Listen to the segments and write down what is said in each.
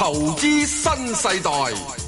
投資新世代。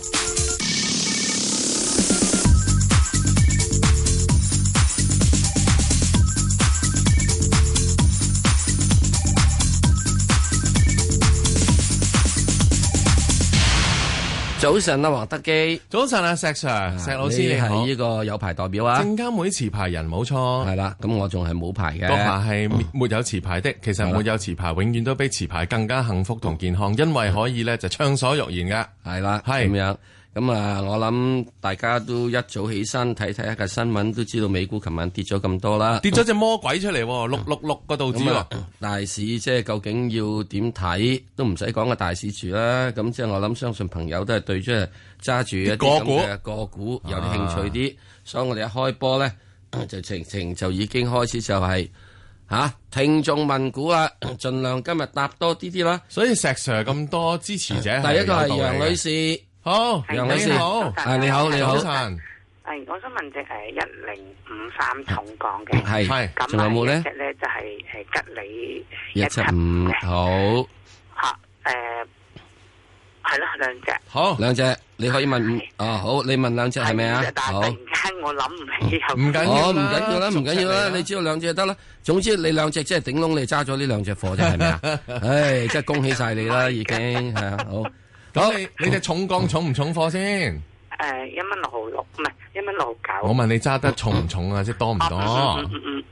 早晨啊，黃德基。早晨啊，石 Sir，石老師係呢個有牌代表啊。證監會持牌人冇錯。係啦，咁我仲係冇牌嘅。個牌係沒有持牌的，其實沒有持牌永遠都比持牌更加幸福同健康，嗯、因為可以咧就暢所欲言㗎。係啦了，係咁是樣。咁啊！我諗大家都一早起身睇睇下個新聞，都知道美股琴晚跌咗咁多啦，跌咗隻魔鬼出嚟，嗯、六六六個道指。大市即係究竟要點睇？都唔使講個大市住啦。咁即係我諗，相信朋友都係對即係揸住一啲嘅個股，股有啲興趣啲。啊、所以我哋一開波呢，就情情就已經開始就係吓聽眾問股啊，盡 量今日答多啲啲啦。所以石 Sir 咁多支持者，第一個係楊女士。好，楊女士好，係你好，你好早晨。係，我想問隻誒一零五三重港嘅？係係，仲有冇呢隻咧？就係係吉利一七五，好吓誒，係咯兩隻，好兩隻，你可以問啊，好你問兩隻係咪啊？好，突然間我諗唔起，唔緊要啦，唔緊要啦，唔緊要啦，你知道兩隻就得啦。總之你兩隻即係頂籠你揸咗呢兩隻貨啫，係咪啊？唉，即係恭喜晒你啦，已經係啊好。咁你你隻重鋼重唔重貨先？誒，一蚊六毫六，唔係一蚊六毫九。我問你揸得重唔重啊？即係、uh，多唔多？嗯嗯。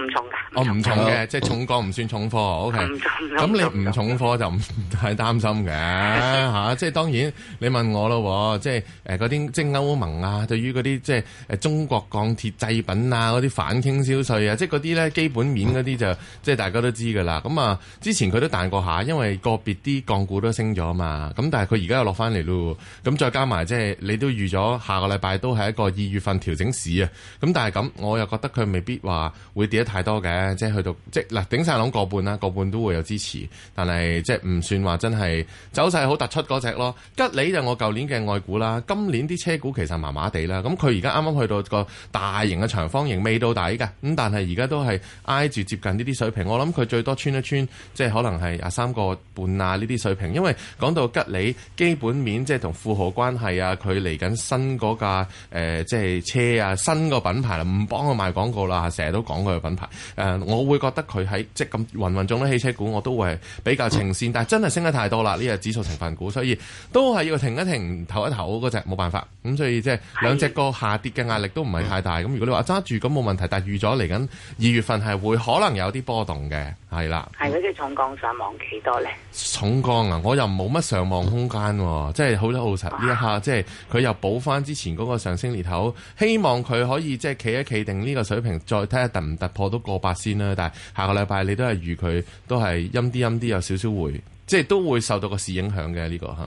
唔重噶，我唔重嘅，即係重鋼唔算重貨，OK。咁你唔重貨就唔太擔心嘅吓，即係當然你問我咯，即係誒嗰啲即係歐盟啊，對於嗰啲即係誒中國鋼鐵製品啊嗰啲反傾銷稅啊，即係嗰啲咧基本面嗰啲就、嗯、即係大家都知噶啦。咁啊，之前佢都彈過下，因為個別啲鋼股都升咗啊嘛。咁但係佢而家又落翻嚟咯。咁再加埋即係你都預咗下個禮拜都係一個二月份調整市啊。咁但係咁，我又覺得佢未必話會跌。太多嘅，即係去到即嗱頂晒籠個半啦，個半都會有支持，但係即係唔算話真係走勢好突出嗰隻咯。吉利就我舊年嘅外股啦，今年啲車股其實麻麻地啦，咁佢而家啱啱去到個大型嘅長方形，未到底嘅，咁但係而家都係挨住接近呢啲水平，我諗佢最多穿一穿，即係可能係廿三個半啊呢啲水平，因為講到吉利基本面即係同富豪關係啊，佢嚟緊新嗰架誒即係車啊，新個品牌啦，唔幫佢賣廣告啦，成日都講佢牌、嗯、我會覺得佢喺即咁芸芸眾多汽車股，我都會比較情線，嗯、但真係升得太多啦！呢個指數成分股，所以都係要停一停、唞一唞嗰隻，冇辦法。咁、嗯、所以即係兩隻個下跌嘅壓力都唔係太大。咁的如果你話揸住咁冇問題，但係預咗嚟緊二月份係會可能有啲波動嘅，係啦。係嗰啲重降上望幾多咧？重降啊！我又冇乜上望空間、啊，即係好都好實。哇一下即係佢又補翻之前嗰個上升烈頭，希望佢可以即企一企定呢個水平，再睇下突唔突破。我都過百先啦，但係下個禮拜你都係預佢都係陰啲陰啲，有少少回，即係都會受到個市影響嘅呢個吓、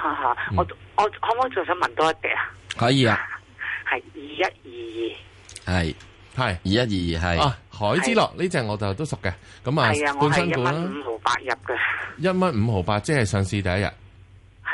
啊嗯。我我可唔可以再想問多一啲啊？可以啊，係二一二二，係，係二一二二，係。海之樂呢是隻我就都熟嘅，咁啊，半身股啦。一蚊五毫八入嘅，一蚊五毫八，即係上市第一日。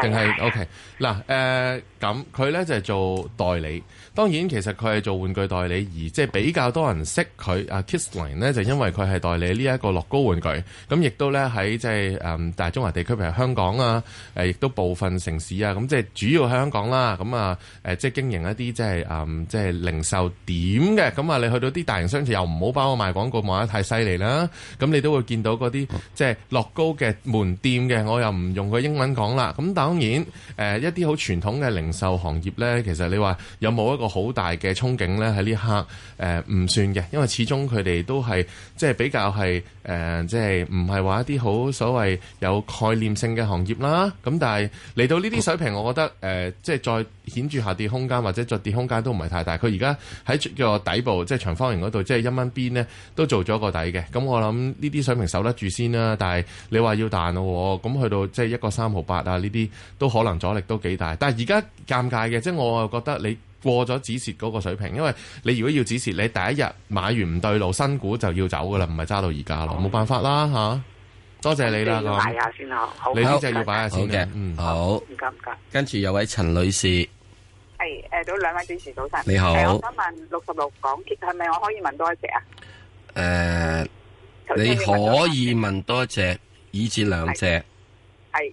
定係 OK 嗱誒咁佢咧就係做代理，當然其實佢係做玩具代理，而即係比較多人識佢啊。Kissline 咧就因為佢係代理呢一個樂高玩具，咁亦都咧喺即係誒大中華地區，譬如香港啊，誒亦都部分城市啊，咁即係主要喺香港啦。咁啊誒即係經營一啲即係誒即係零售點嘅，咁啊你去到啲大型商場又唔好包我賣廣告，賣得太犀利啦。咁你都會見到嗰啲即係樂高嘅門店嘅，我又唔用佢英文講啦。咁等。當然，呃、一啲好傳統嘅零售行業呢，其實你話有冇一個好大嘅憧憬呢？喺呢刻誒唔、呃、算嘅，因為始終佢哋都係即係比較係誒、呃，即係唔係話一啲好所謂有概念性嘅行業啦。咁但係嚟到呢啲水平，我覺得誒、呃，即係再顯著下跌空間或者再跌空間都唔係太大。佢而家喺個底部，即係長方形嗰度，即係一蚊邊呢，都做咗個底嘅。咁我諗呢啲水平守得住先啦。但係你話要彈咯，咁去到即係一個三毫八啊呢啲。都可能阻力都幾大，但係而家尷尬嘅，即係我又覺得你過咗止蝕嗰個水平，因為你如果要止蝕，你第一日買完唔對路，新股就要走噶啦，唔係揸到而家咯，冇辦法啦吓。多謝你啦，哥。你呢隻要擺下先嘅，好。好，唔該唔該。跟住有位陳女士，係誒，早兩位主持早晨，你好。我想問六十六港鐵係咪我可以問多一隻啊？誒，你可以問多一隻，以至兩隻。係。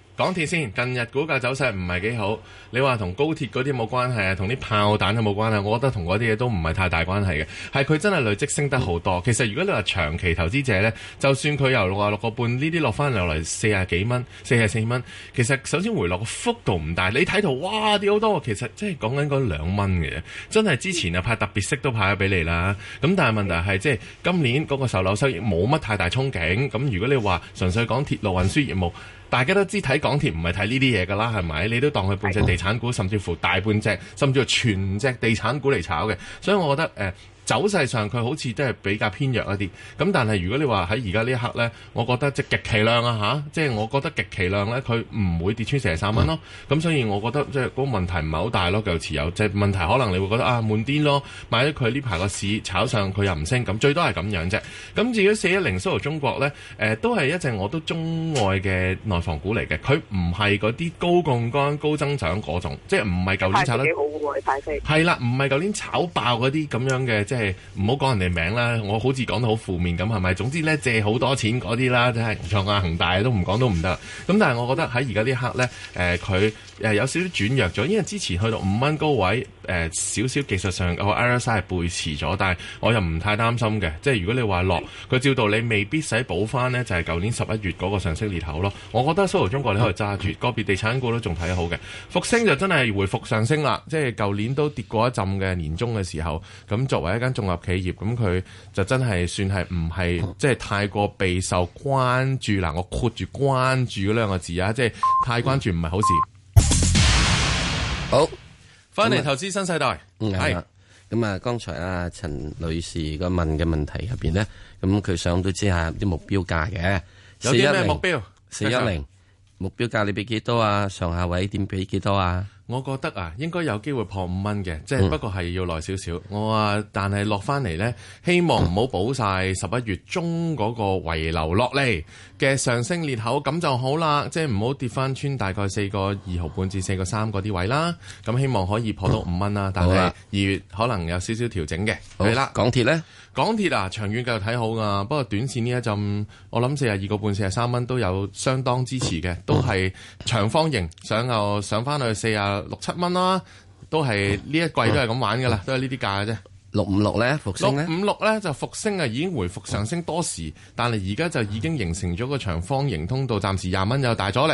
港鐵先，近日股價走勢唔係幾好。你話同高鐵嗰啲冇關係啊，同啲炮彈都冇關係。我覺得同嗰啲嘢都唔係太大關係嘅，係佢真係累積升得好多。其實如果你話長期投資者呢，就算佢由六啊六個半呢啲落翻落嚟四啊幾蚊，四十四蚊，其實首先回落個幅度唔大。你睇圖，哇跌好多，其實即係講緊嗰兩蚊嘅真係之前啊派特別息都派咗俾你啦。咁但係問題係即係今年嗰個售樓收益冇乜太大憧憬。咁如果你話純粹講鐵路運輸業務，大家都知睇港鐵唔係睇呢啲嘢㗎啦，係咪？你都當佢半隻地產股，的甚至乎大半隻，甚至乎全隻地產股嚟炒嘅，所以我覺得、呃走勢上佢好似都係比較偏弱一啲，咁但係如果你話喺而家呢一刻呢，我覺得即係極其量啊吓、啊，即係我覺得極其量呢，佢唔會跌穿四十三蚊咯。咁、嗯嗯、所以我覺得即係嗰、那個問題唔係好大咯，繼續持有即係問題可能你會覺得啊悶啲咯，買咗佢呢排個市炒上佢又唔升，咁最多係咁樣啫。咁、嗯、至於四一零蘇豪中國呢，誒、呃、都係一隻我都鍾愛嘅內房股嚟嘅，佢唔係嗰啲高槓桿、高增長嗰種，即係唔係舊年炒得咁好。係啦，唔係舊年炒爆嗰啲咁樣嘅。即係唔好講人哋名啦，我好似講到好負面咁係咪？總之呢，借好多錢嗰啲啦，真係唔錯啊。恒大都唔講都唔得。咁但係我覺得喺而家呢一刻呢，佢、呃、有少少轉弱咗，因為之前去到五蚊高位。誒少少技術上，我 RSI 係背馳咗，但係我又唔太擔心嘅。即係如果你話落，佢照道理你未必使補翻呢。就係、是、舊年十一月嗰個上升裂口咯。我覺得 SOHO 中國你可以揸住，個別地產股都仲睇好嘅。復星就真係回復上升啦，即係舊年都跌過一陣嘅年中嘅時候。咁作為一間綜合企業，咁佢就真係算係唔係即係太過備受關注啦、啊、我括住關注嗰兩個字啊，即係太關注唔係好事。嗯翻嚟投資新世代係咁啊！剛才阿陳女士個問嘅問題入邊咧，咁佢想都知下啲目標價嘅，有啲咩目標？四一零，目標價你俾幾多啊？上下位點俾幾多啊？我覺得啊，應該有機會破五蚊嘅，即係不過係要耐少少。嗯、我話、啊、但係落翻嚟咧，希望唔好補晒十一月中嗰個遺留落嚟。嗯嗯嘅上升裂口咁就好啦，即係唔好跌翻穿大概四個二毫半至四個三個啲位啦。咁希望可以破到五蚊啦，嗯、但係二月可能有少少調整嘅。係啦，的港鐵呢？港鐵啊，長遠繼續睇好㗎，不過短線呢一陣，我諗四十二個半、四十三蚊都有相當支持嘅，嗯、都係長方形上又上翻去四十六七蚊啦，都係呢一季都係咁玩㗎啦，嗯、都係呢啲價嘅啫。六五六咧，復升呢六五六咧就復升啊，已經回復上升多時，但係而家就已經形成咗個長方形通道，暫時廿蚊又大阻力。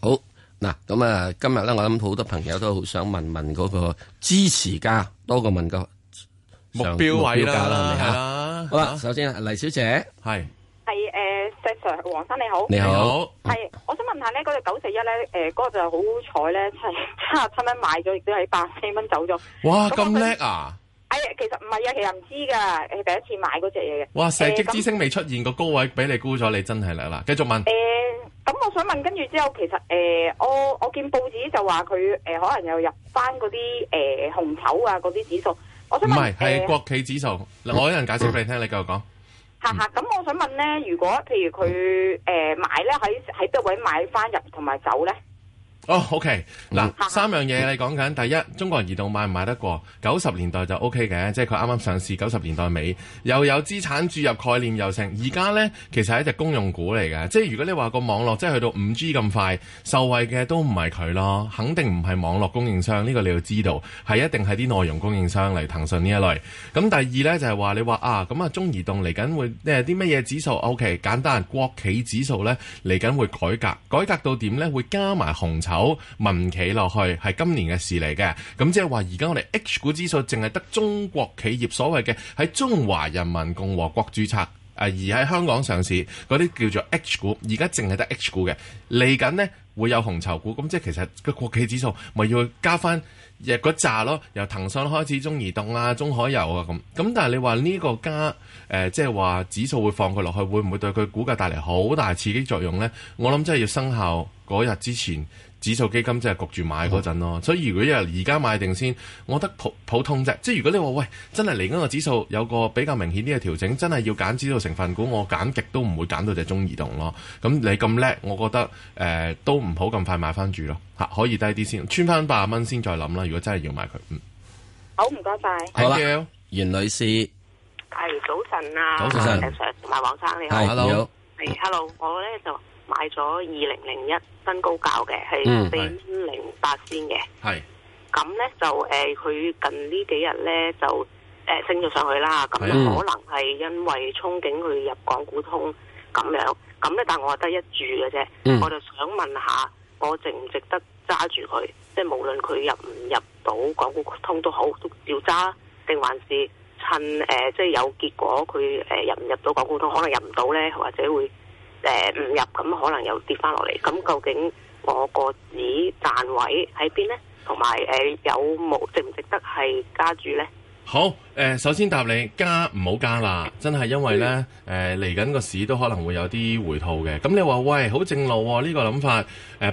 好嗱，咁啊，今日咧，我諗好多朋友都好想問問嗰個支持價，多個問個目標位啦，係、啊啊、好啦，啊、首先黎小姐，係係誒，石 Sir 黃生你好，你好，係、嗯，我想問一下、那個、呢嗰隻九四一咧，誒、那，個就係好彩咧，係七十七蚊買咗，亦都喺八四蚊走咗，哇，咁叻、那個、啊！其實唔係啊，佢又唔知噶，誒第一次買嗰隻嘢嘅。哇！射擊之星未出現個、欸、高位俾你沽咗，你真係啦啦。繼續問。誒、欸，咁我想問，跟住之後其實誒、欸，我我見報紙就話佢誒，可能又入翻嗰啲誒紅籌啊，嗰啲指數。唔係，係國企指數，我有人解釋俾你聽。嗯、你繼續講。吓吓、嗯，咁我想問咧，如果譬如佢誒、呃、買咧喺喺邊位買翻入同埋走咧？哦、oh,，OK，嗱、嗯、三樣嘢你講緊，第一中國移動買唔買得過？九十年代就 OK 嘅，即係佢啱啱上市，九十年代尾又有資產注入概念又成。而家咧其實係一隻公用股嚟嘅，即係如果你話個網絡即係去到五 G 咁快，受惠嘅都唔係佢咯，肯定唔係網絡供應商，呢、這個你要知道，係一定係啲內容供應商嚟，騰訊呢一類。咁第二咧就係、是、話你話啊，咁啊中移動嚟緊會咩啲乜嘢指數 OK 簡單國企指數咧嚟緊會改革，改革到點咧？會加埋紅籌民企落去係今年嘅事嚟嘅，咁即係話而家我哋 H 股指數淨係得中國企業所謂嘅喺中華人民共和國註冊誒而喺香港上市嗰啲叫做 H 股，而家淨係得 H 股嘅，嚟緊呢會有紅籌股，咁即係其實個國企指數咪要加翻入嗰扎咯，由騰訊開始，中移動啊、中海油啊咁，咁但係你話呢個加誒即係話指數會放佢落去，會唔會對佢股價帶嚟好大刺激作用呢？我諗真係要生效嗰日之前。指數基金即係焗住買嗰陣咯，嗯、所以如果要而家買定先，我覺得普普通啫。即係如果你話喂，真係嚟緊個指數有個比較明顯啲嘅調整，真係要揀指數成分股，我揀極都唔會揀到隻中移動咯。咁你咁叻，我覺得誒、呃、都唔好咁快買翻住咯，吓可以低啲先，穿翻八十蚊先再諗啦。如果真係要買佢，嗯，好唔該曬，好啦，袁女士，係、哎、早晨啊，早晨，同埋黃生你好 Hi,，hello，係、hey, hello，我咧就。嗯買咗二零零一新高價嘅，係四千零八仙嘅。係咁咧，就誒佢、呃、近幾呢幾日咧就誒、呃、升咗上去啦。咁可能係因為憧憬佢入港股通咁樣。咁咧，但我係得一注嘅啫。嗯、我就想問一下，我值唔值得揸住佢？即係無論佢入唔入到港股通都好，都要揸定還是趁誒、呃、即係有結果佢誒入唔入到港股通，可能入唔到咧，或者會？誒，唔、呃、入咁可能又跌翻落嚟，咁究竟我個止賺位喺邊呢？同埋誒，有冇值唔值得係加注呢？好。呃、首先答你加唔好加啦，真係因為呢誒嚟緊個市都可能會有啲回吐嘅。咁你話喂，好正路喎，啊，呢、呢個諗法，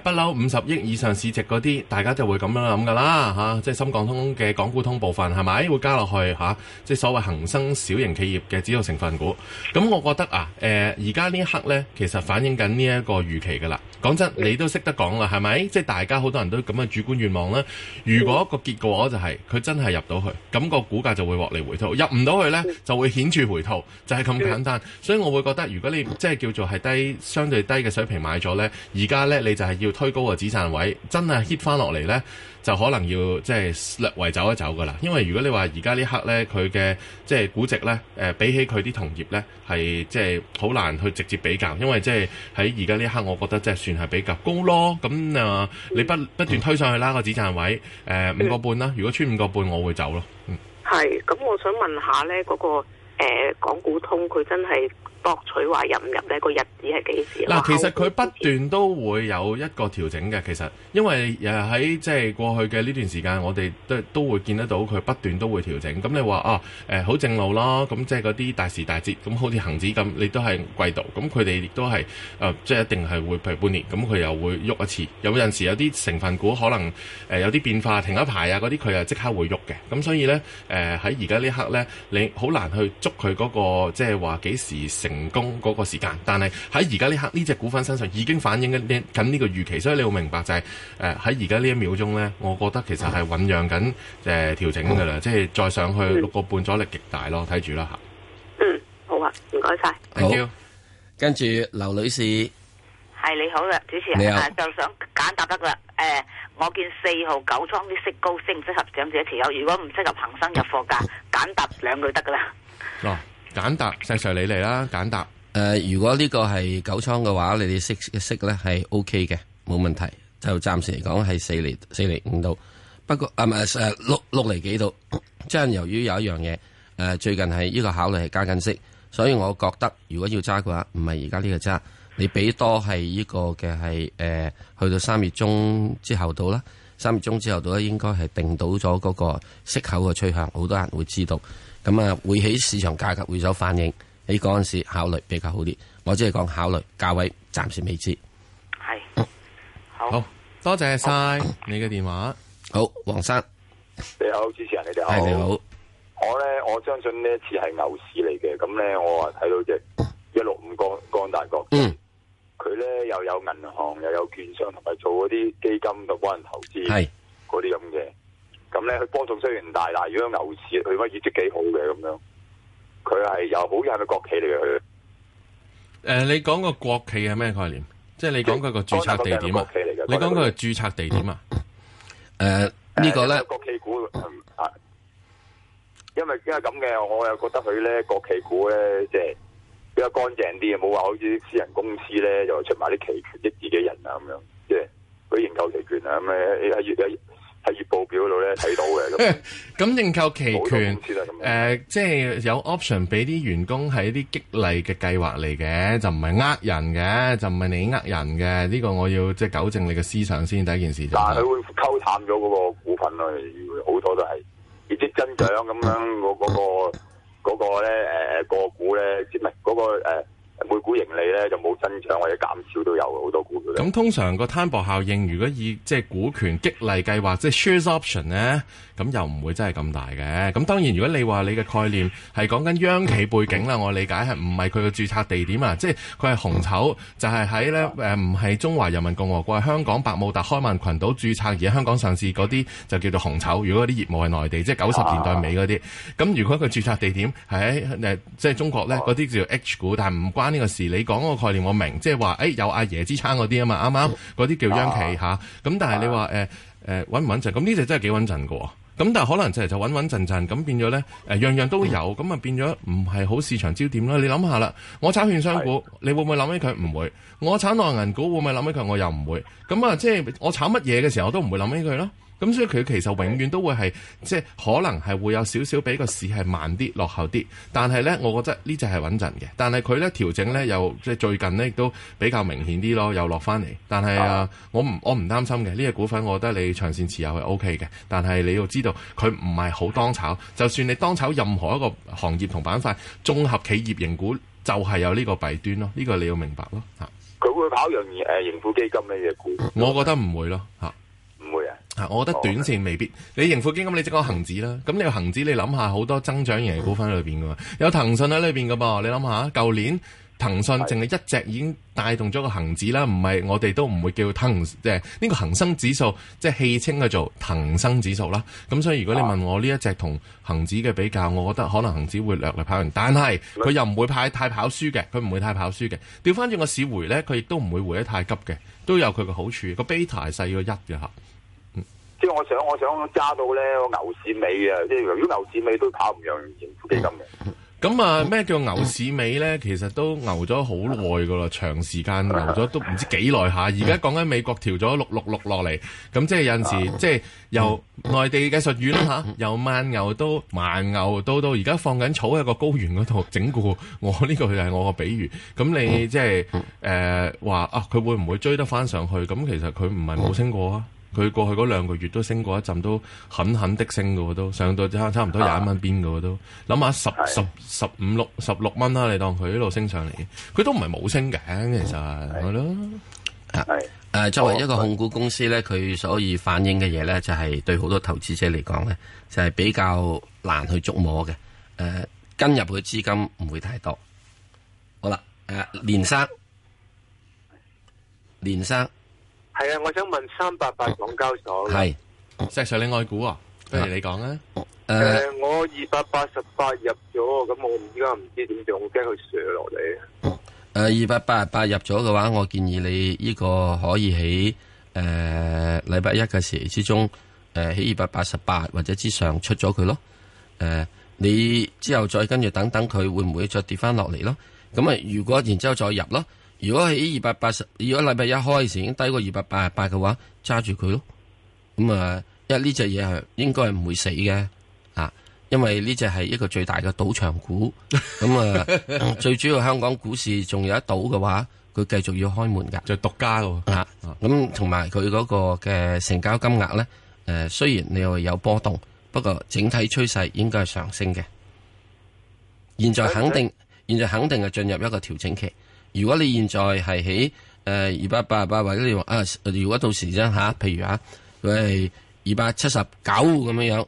不嬲五十億以上市值嗰啲，大家就會咁樣諗噶啦，即係深港通嘅港股通部分係咪會加落去嚇、啊？即係所謂恒生小型企業嘅指數成分股。咁我覺得啊，誒而家呢一刻呢，其實反映緊呢一個預期㗎啦。講真，你都識得講啦，係咪？即係大家好多人都咁嘅主觀願望啦。如果個結果就係佢真係入到去，咁、個股價就會。落嚟回吐入唔到去呢，就會顯著回吐，就係、是、咁簡單。所以我會覺得，如果你即係叫做係低相對低嘅水平買咗呢，而家呢，你就係要推高個支撐位。真係 hit 返落嚟呢，就可能要即係略為走一走噶啦。因為如果你話而家呢刻呢，佢嘅即係估值呢，呃、比起佢啲同業呢，係即係好難去直接比較。因為即係喺而家呢一刻，我覺得即係算係比較高咯。咁啊、呃，你不不斷推上去啦個支撐位，誒五個半啦。5. 5, 如果穿五個半，我會走咯。係咁、嗯、我想問下咧，嗰、個誒、呃、港股通佢真係？獲取話入唔入呢個日子係幾時？嗱，其實佢不斷都會有一個調整嘅，其實因為誒喺即係過去嘅呢段時間，我哋都都會見得到佢不斷都會調整。咁你話啊誒好正路咯，咁即係嗰啲大時大節，咁好似恒指咁，你都係季度，咁佢哋亦都係誒即係一定係會譬如半年，咁佢又會喐一次。有陣時有啲成分股可能誒、呃、有啲變化停一排啊嗰啲，佢又即刻會喐嘅。咁所以咧誒喺而家呢、呃、一刻咧，你好難去捉佢嗰個即係話幾時成。成功嗰個時間，但係喺而家呢刻呢隻股份身上已經反映緊呢個預期，所以你會明白就係誒喺而家呢一秒鐘咧，我覺得其實係醞釀緊誒調整噶啦，嗯、即係再上去六個半阻力極大咯，睇住啦吓。嗯，好啊，唔該晒。阿嬌好，謝謝。跟住劉女士係你好啦、啊，主持人好、啊、就想簡答得個誒，我見四號九倉啲息高，適唔適合長者持有？如果唔適合恒生入貨價，簡答兩句得噶啦。 簡答，石 Sir 你嚟啦，簡答。誒、呃，如果呢個係九倉嘅話，你哋息息咧係 O K 嘅，冇問題。就暫時嚟講係四厘四厘五度，不過啊唔係誒六六厘幾度。即係由於有一樣嘢，誒、呃、最近係呢個考慮係加緊息，所以我覺得如果要揸嘅話，唔係而家呢個揸，你俾多係呢個嘅係誒去到三月中之後到啦，三月中之後到咧應該係定到咗嗰個息口嘅趨向，好多人會知道。咁啊，會喺市場價格會所反應，喺嗰陣時考慮比較好啲。我只係講考慮價位，暫時未知。係、oh, oh. 好，多謝晒你嘅、oh. 電話。好，黃生，你好，主持人你哋好。Hey, 你好我咧，我相信呢一次係牛市嚟嘅。咁咧，我啊睇到隻一六五光光大嗯佢咧又有銀行，又有券商，同埋做嗰啲基金嘅幫人投資，嗰啲咁嘅。咁咧佢波幅雖然大，大，但如果有牛市佢乜業績幾好嘅咁樣，佢係又好似係咪國企嚟嘅？誒、呃，你講個國企係咩概念？即係你講佢個注冊地點啊？嗯嗯嗯、你講佢係注冊地點啊？誒、嗯，呃、個呢個咧、嗯，國企股啊，因為因為咁嘅，我又覺得佢咧國企股咧，即係比較乾淨啲，冇話好似啲私人公司咧又出埋啲期權啲自己人啊咁樣，即係佢研究期權啊咁咧，一、嗯企業報表度咧睇到嘅。咁，咁認購期權誒、呃，即係有 option 俾啲員工喺啲激勵嘅計劃嚟嘅，就唔係呃人嘅，就唔係你呃人嘅，呢、呢個我要即係糾正你嘅思想先，第一件事就係。係佢會溝淡咗嗰個股份啦，好多都係月息增長咁樣，我嗰個嗰個咧誒個股咧，即係唔係嗰個每股盈利咧就冇增長或者減少都有好多股票。咁通常個攤薄效應，如果以即係、就是、股權激勵計劃，即、就、係、是、share option 咧，咁又唔會真係咁大嘅。咁當然如果你話你嘅概念係講緊央企背景啦，我理解係唔係佢嘅註冊地點啊？即係佢係紅籌，就係喺咧誒，唔係中華人民共和國，香港百慕達、開曼群島註冊而喺香港上市嗰啲，就叫做紅籌。如果啲業務係內地，即係九十年代尾嗰啲，咁、啊、如果佢註冊地點係喺誒即係中國咧，嗰啲叫做 H 股，但係唔關。呢個時你講嗰個概念我明，即係話誒有阿爺支撐嗰啲啊嘛，啱啱？嗰啲叫央企嚇，咁、啊啊嗯、但係你話誒誒穩唔穩陣？咁呢隻真係幾穩陣嘅喎，咁、嗯、但係可能就係就穩穩陣陣，咁變咗咧誒樣樣都有，咁啊、嗯、變咗唔係好市場焦點啦。你諗下啦，我炒券商股，的你會唔會諗起佢？唔會，我炒內銀股，會唔會諗起佢？我又唔會。咁、嗯、啊，即、嗯、係、就是、我炒乜嘢嘅時候，我都唔會諗起佢咯。咁、嗯、所以佢其實永遠都會係即係可能係會有少少比個市係慢啲落後啲，但係呢，我覺得呢隻係穩陣嘅。但係佢呢調整呢，又即係最近呢亦都比較明顯啲咯，又落翻嚟。但係、哦、啊，我唔我唔擔心嘅呢隻股份，我覺得你長線持有係 OK 嘅。但係你要知道，佢唔係好當炒。就算你當炒任何一個行業同板塊綜合企業型股，就係有呢個弊端咯。呢、呢個你要明白咯嚇。佢會跑贏誒盈富基金嘅嘢股？我覺得唔會咯，咯啊！我覺得短線未必，Okay. 你盈富基金，你即講恒指啦。咁你個恒指，你諗下好多增長型股份裏邊嘅嘛。有騰訊喺裏邊嘅噃。你諗下，舊年騰訊淨係一隻已經帶動咗個恒指啦，唔係我哋都唔會叫騰即係呢個恒生指數，即係戲稱佢做騰生指數啦。咁所以如果你問我呢一隻同恆指嘅比較，我覺得可能恆指會略略跑贏，但係佢又唔會派太跑輸嘅，佢唔會太跑輸嘅。調翻轉個市回咧，佢亦都唔會回得太急嘅，都有佢嘅好處。個 beta 係細過一嘅嚇。即係我想，我想加到咧牛市尾啊！即係如果牛市尾都跑唔贏政府基金嘅。咁啊，咩叫牛市尾咧？其實都牛咗好耐噶啦，長時間牛咗都唔知幾耐下。而家講緊美國調咗六六六落嚟，咁即係有陣時，啊、即係由內地嘅術語，啦吓，由、啊、慢牛都慢牛都都，而家放緊草喺個高原嗰度整固。我呢、這個就係我個比喻。咁你即係誒話啊，佢會唔會追得翻上去？咁其實佢唔係冇升過啊。佢過去嗰兩個月都升過一陣，都狠狠的升嘅喎，都上到差差唔多廿一蚊邊嘅喎，啊、都諗下十是的 十十五六十六蚊啦，你當佢一路升上嚟，佢都唔係冇升嘅，其實係咯。係作為一個控股公司咧，佢是的 所以反映嘅嘢咧，就係、是、對好多投資者嚟講咧，就係、是、比較難去捉摸嘅。誒、啊，跟入嘅資金唔會太多。好啦，誒、啊，連生，連生。係啊，我想問三八八港交所嘅，是石 Sir 你愛股啊、哦，不如你講啊。誒的、呃，我二百八十八入咗，咁我唔而家唔知點做，我驚佢蝕落嚟。誒，二百八十八入咗嘅話，我建議你呢個可以喺誒、呃、禮拜一嘅時之中，誒喺二百八十八或者之上出咗佢咯。誒、呃，你之後再跟住等等佢會唔會再跌翻落嚟咯？咁啊，如果然之後再入咯。如果喺二百八十，如果禮拜一開始時已經低過二百八十八嘅話，揸住佢咯。咁啊，因為呢隻嘢係應該係唔會死嘅，啊，因為呢隻係一個最大嘅賭場股。咁啊，最主要香港股市仲有一賭嘅話，佢繼續要開門噶，就獨家噶。啊，咁同埋佢嗰個嘅成交金額咧，誒，雖然你話有波動，不過整體趨勢應該係上升嘅。現在肯定，Okay. 現在肯定係進入一個調整期。如果你現在係喺誒二百八十八，呃、8, 或者你話啊，如果到時啫嚇、啊，譬如啊，佢係二百七十九咁樣樣，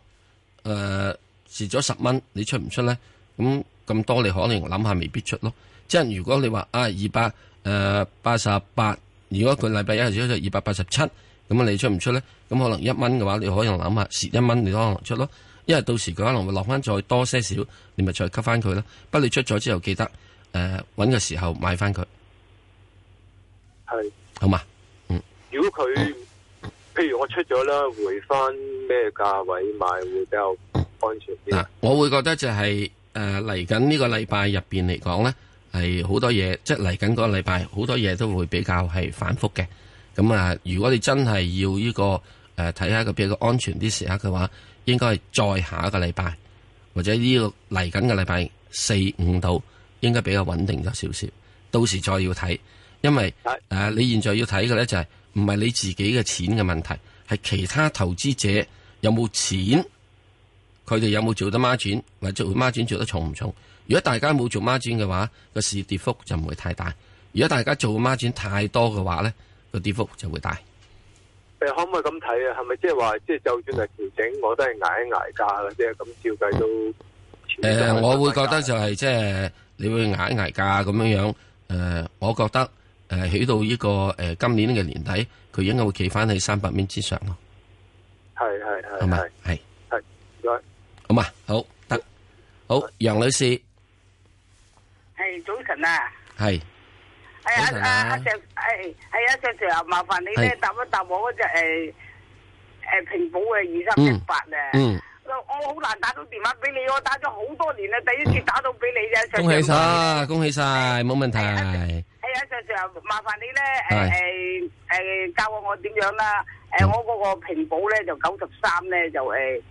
誒蝕咗十蚊，你出唔出咧？咁咁多你可能諗下未必出咯。即、就、係、是、如果你話啊二百誒八十八，8, 如果佢禮拜一日就二百八十七，咁你出唔出咧？咁可能一蚊嘅話，你可能諗下蝕一蚊，你都可能出咯。因為到時佢可能會落翻再多些少，你咪再吸翻佢咯。不你出咗之後記得。誒，搵個、uh, 時候買翻佢，係是好嘛嗎？嗯，如果佢，譬如我出咗啦，回翻咩價位買會比較安全啲。啊，uh, 我會覺得就係誒嚟緊呢個禮、就是、拜入邊嚟講咧，係好多嘢，即係嚟緊嗰個禮拜好多嘢都會比較係反覆嘅。咁啊，如果你真係要呢、這個誒睇下個比較安全啲時刻嘅話，應該係再下一個禮拜，或者呢、這個嚟緊嘅禮拜四五度。應該比較穩定咗少少，到時再要睇，因為誒是、啊，你現在要睇嘅咧就係唔係你自己嘅錢嘅問題，係其他投資者有冇錢，佢哋有冇做得孖展，或者孖展做得重唔重？如果大家冇做孖展嘅話，個市跌幅就唔會太大；如果大家做孖展太多嘅話咧，個跌幅就會大。誒，可唔可以咁睇啊？係咪即係話，即、就、係、是、就算係調整，我都係挨一挨價即啫。咁、就是、照計都。誒、呃，我會覺得就係即係。就是就是你會挨挨㗎咁樣樣，誒，我覺得誒，起到呢個誒今年嘅年底，佢應該會企翻喺三百蚊之上咯。係係係係係，唔該。好嘛，好得，好楊女士，係早晨啊，係，係啊，阿阿鄭，係係啊，鄭 Sir，麻煩你咧，答一答我嗰隻誒誒平保嘅二三一八啊。我好難打到電話俾你，我打咗好多年啦，第一次打到俾你啫。恭喜晒，恭喜晒，冇問題。係啊，阿 Sir 麻煩你咧，誒誒教下我點樣啦？誒，我嗰個平保咧就九十三咧就誒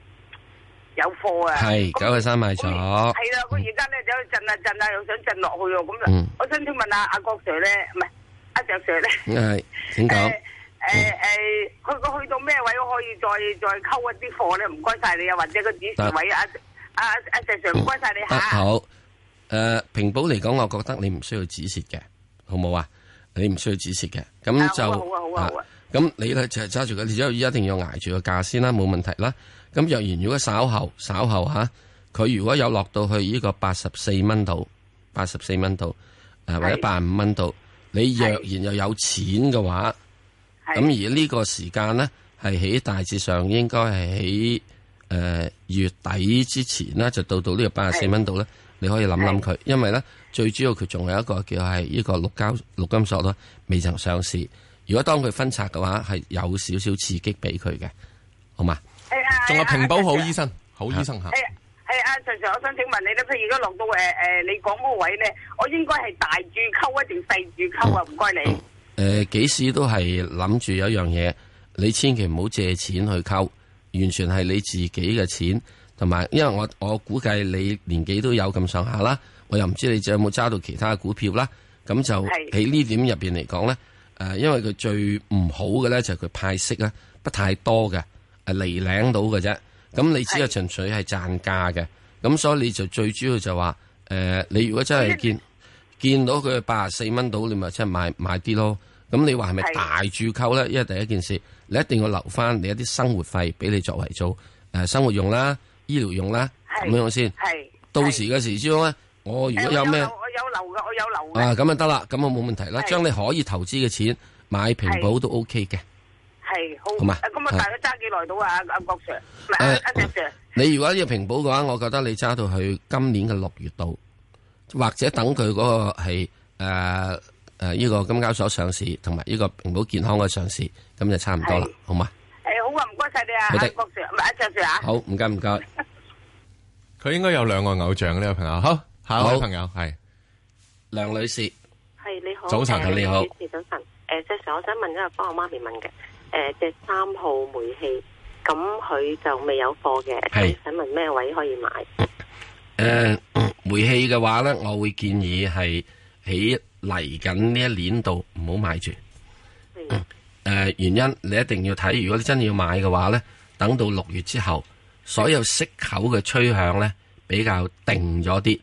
有貨啊。係九十三買咗。係啦，佢而家咧就去震下震下，又想震落去哦，咁啊。我想請問阿阿國 Sir 咧，唔係阿石 Sir 咧。係，請講。誒誒、嗯欸，去個去到咩位可以再再溝一啲貨咧？唔該晒你啊，或者個止蝕位阿阿石 Sir，唔該晒你吓行。好誒、呃，平保嚟講，我覺得你唔需要止蝕嘅，好冇啊？你唔需要止蝕嘅，咁就啊，咁、啊啊啊啊、你咧就揸住佢，你只一定要捱住個價先啦，冇問題啦。咁若然如果稍後稍後吓、啊，佢如果有落到去呢個八十四蚊度，八十四蚊度，誒、呃、或者八十五蚊度，你若然又有錢嘅話。咁而呢個時間咧，係喺大致上應該係喺誒月底之前咧，就到到呢個八十四蚊度咧。的你可以諗諗佢，的因為咧最主要佢仲有一個叫係呢個陸交陸金所啦，未曾上市。如果當佢分拆嘅話，係有少少刺激俾佢嘅，好嘛？仲有平保好醫生，好醫生嚇。係係啊，陳 Sir，我想請問你咧，譬如果落到誒、uh, uh, 你講嗰位咧，我應該係大注溝啊定細注溝啊？唔該、嗯、你。誒，幾、呃、時都係諗住有一樣嘢，你千祈唔好借錢去溝，完全係你自己嘅錢同埋。因為我我估計你年紀都有咁上下啦，我又唔知你有冇揸到其他股票啦。咁就喺呢點入邊嚟講呢，誒、呃，因為佢最唔好嘅，呢，就係、是、佢派息啊，不太多嘅，嚟領到嘅啫。咁你只係純粹係賺價嘅，咁是的 所以你就最主要就話，誒、呃，你如果真係見是的 見到佢八十四蚊到，你咪真係買買啲咯。咁你話係咪大住扣咧？因為第一件事，你一定要留翻你一啲生活費俾你作為做誒生活用啦、醫療用啦，咁樣先。係到時嘅時之中咧，我如果有咩，我有留嘅，我有留嘅。啊，咁啊得啦，咁我冇問題啦。將你可以投資嘅錢買平保都 OK 嘅。係好。咁啊，咁大家揸幾耐到啊？阿郭 Sir，你如果要平保嘅話，我覺得你揸到去今年嘅六月度，或者等佢嗰個係誒。誒，呢個金交所上市同埋呢個平保健康嘅上市，咁就差唔多啦，好嘛？誒，好啊，唔該晒你啊，阿石，唔係阿石 Sir 啊。好，唔該，唔該。佢應該有兩個偶像呢個朋友，好，好，朋友係梁女士，係你好，早晨，你好，早晨。誒，石 Sir，我想問一個，幫我媽咪問嘅，誒，即係三號煤氣，咁佢就未有貨嘅，想問咩位可以買？誒，煤氣嘅話咧，我會建議係喺。嚟緊呢一年度唔好買住。誒的、嗯呃，原因你一定要睇。如果你真要買嘅話呢，等到六月之後，所有息口嘅趨向呢，比較定咗啲。的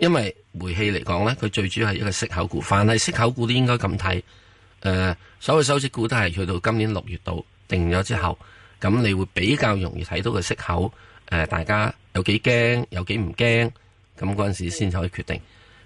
因為煤氣嚟講呢，佢最主要係一個息口股。凡係息口股都應該咁睇。誒、呃，所有收息股都係去到今年六月度定咗之後，咁你會比較容易睇到個息口。誒、呃，大家有幾驚，有幾唔驚，咁嗰陣時先可以決定。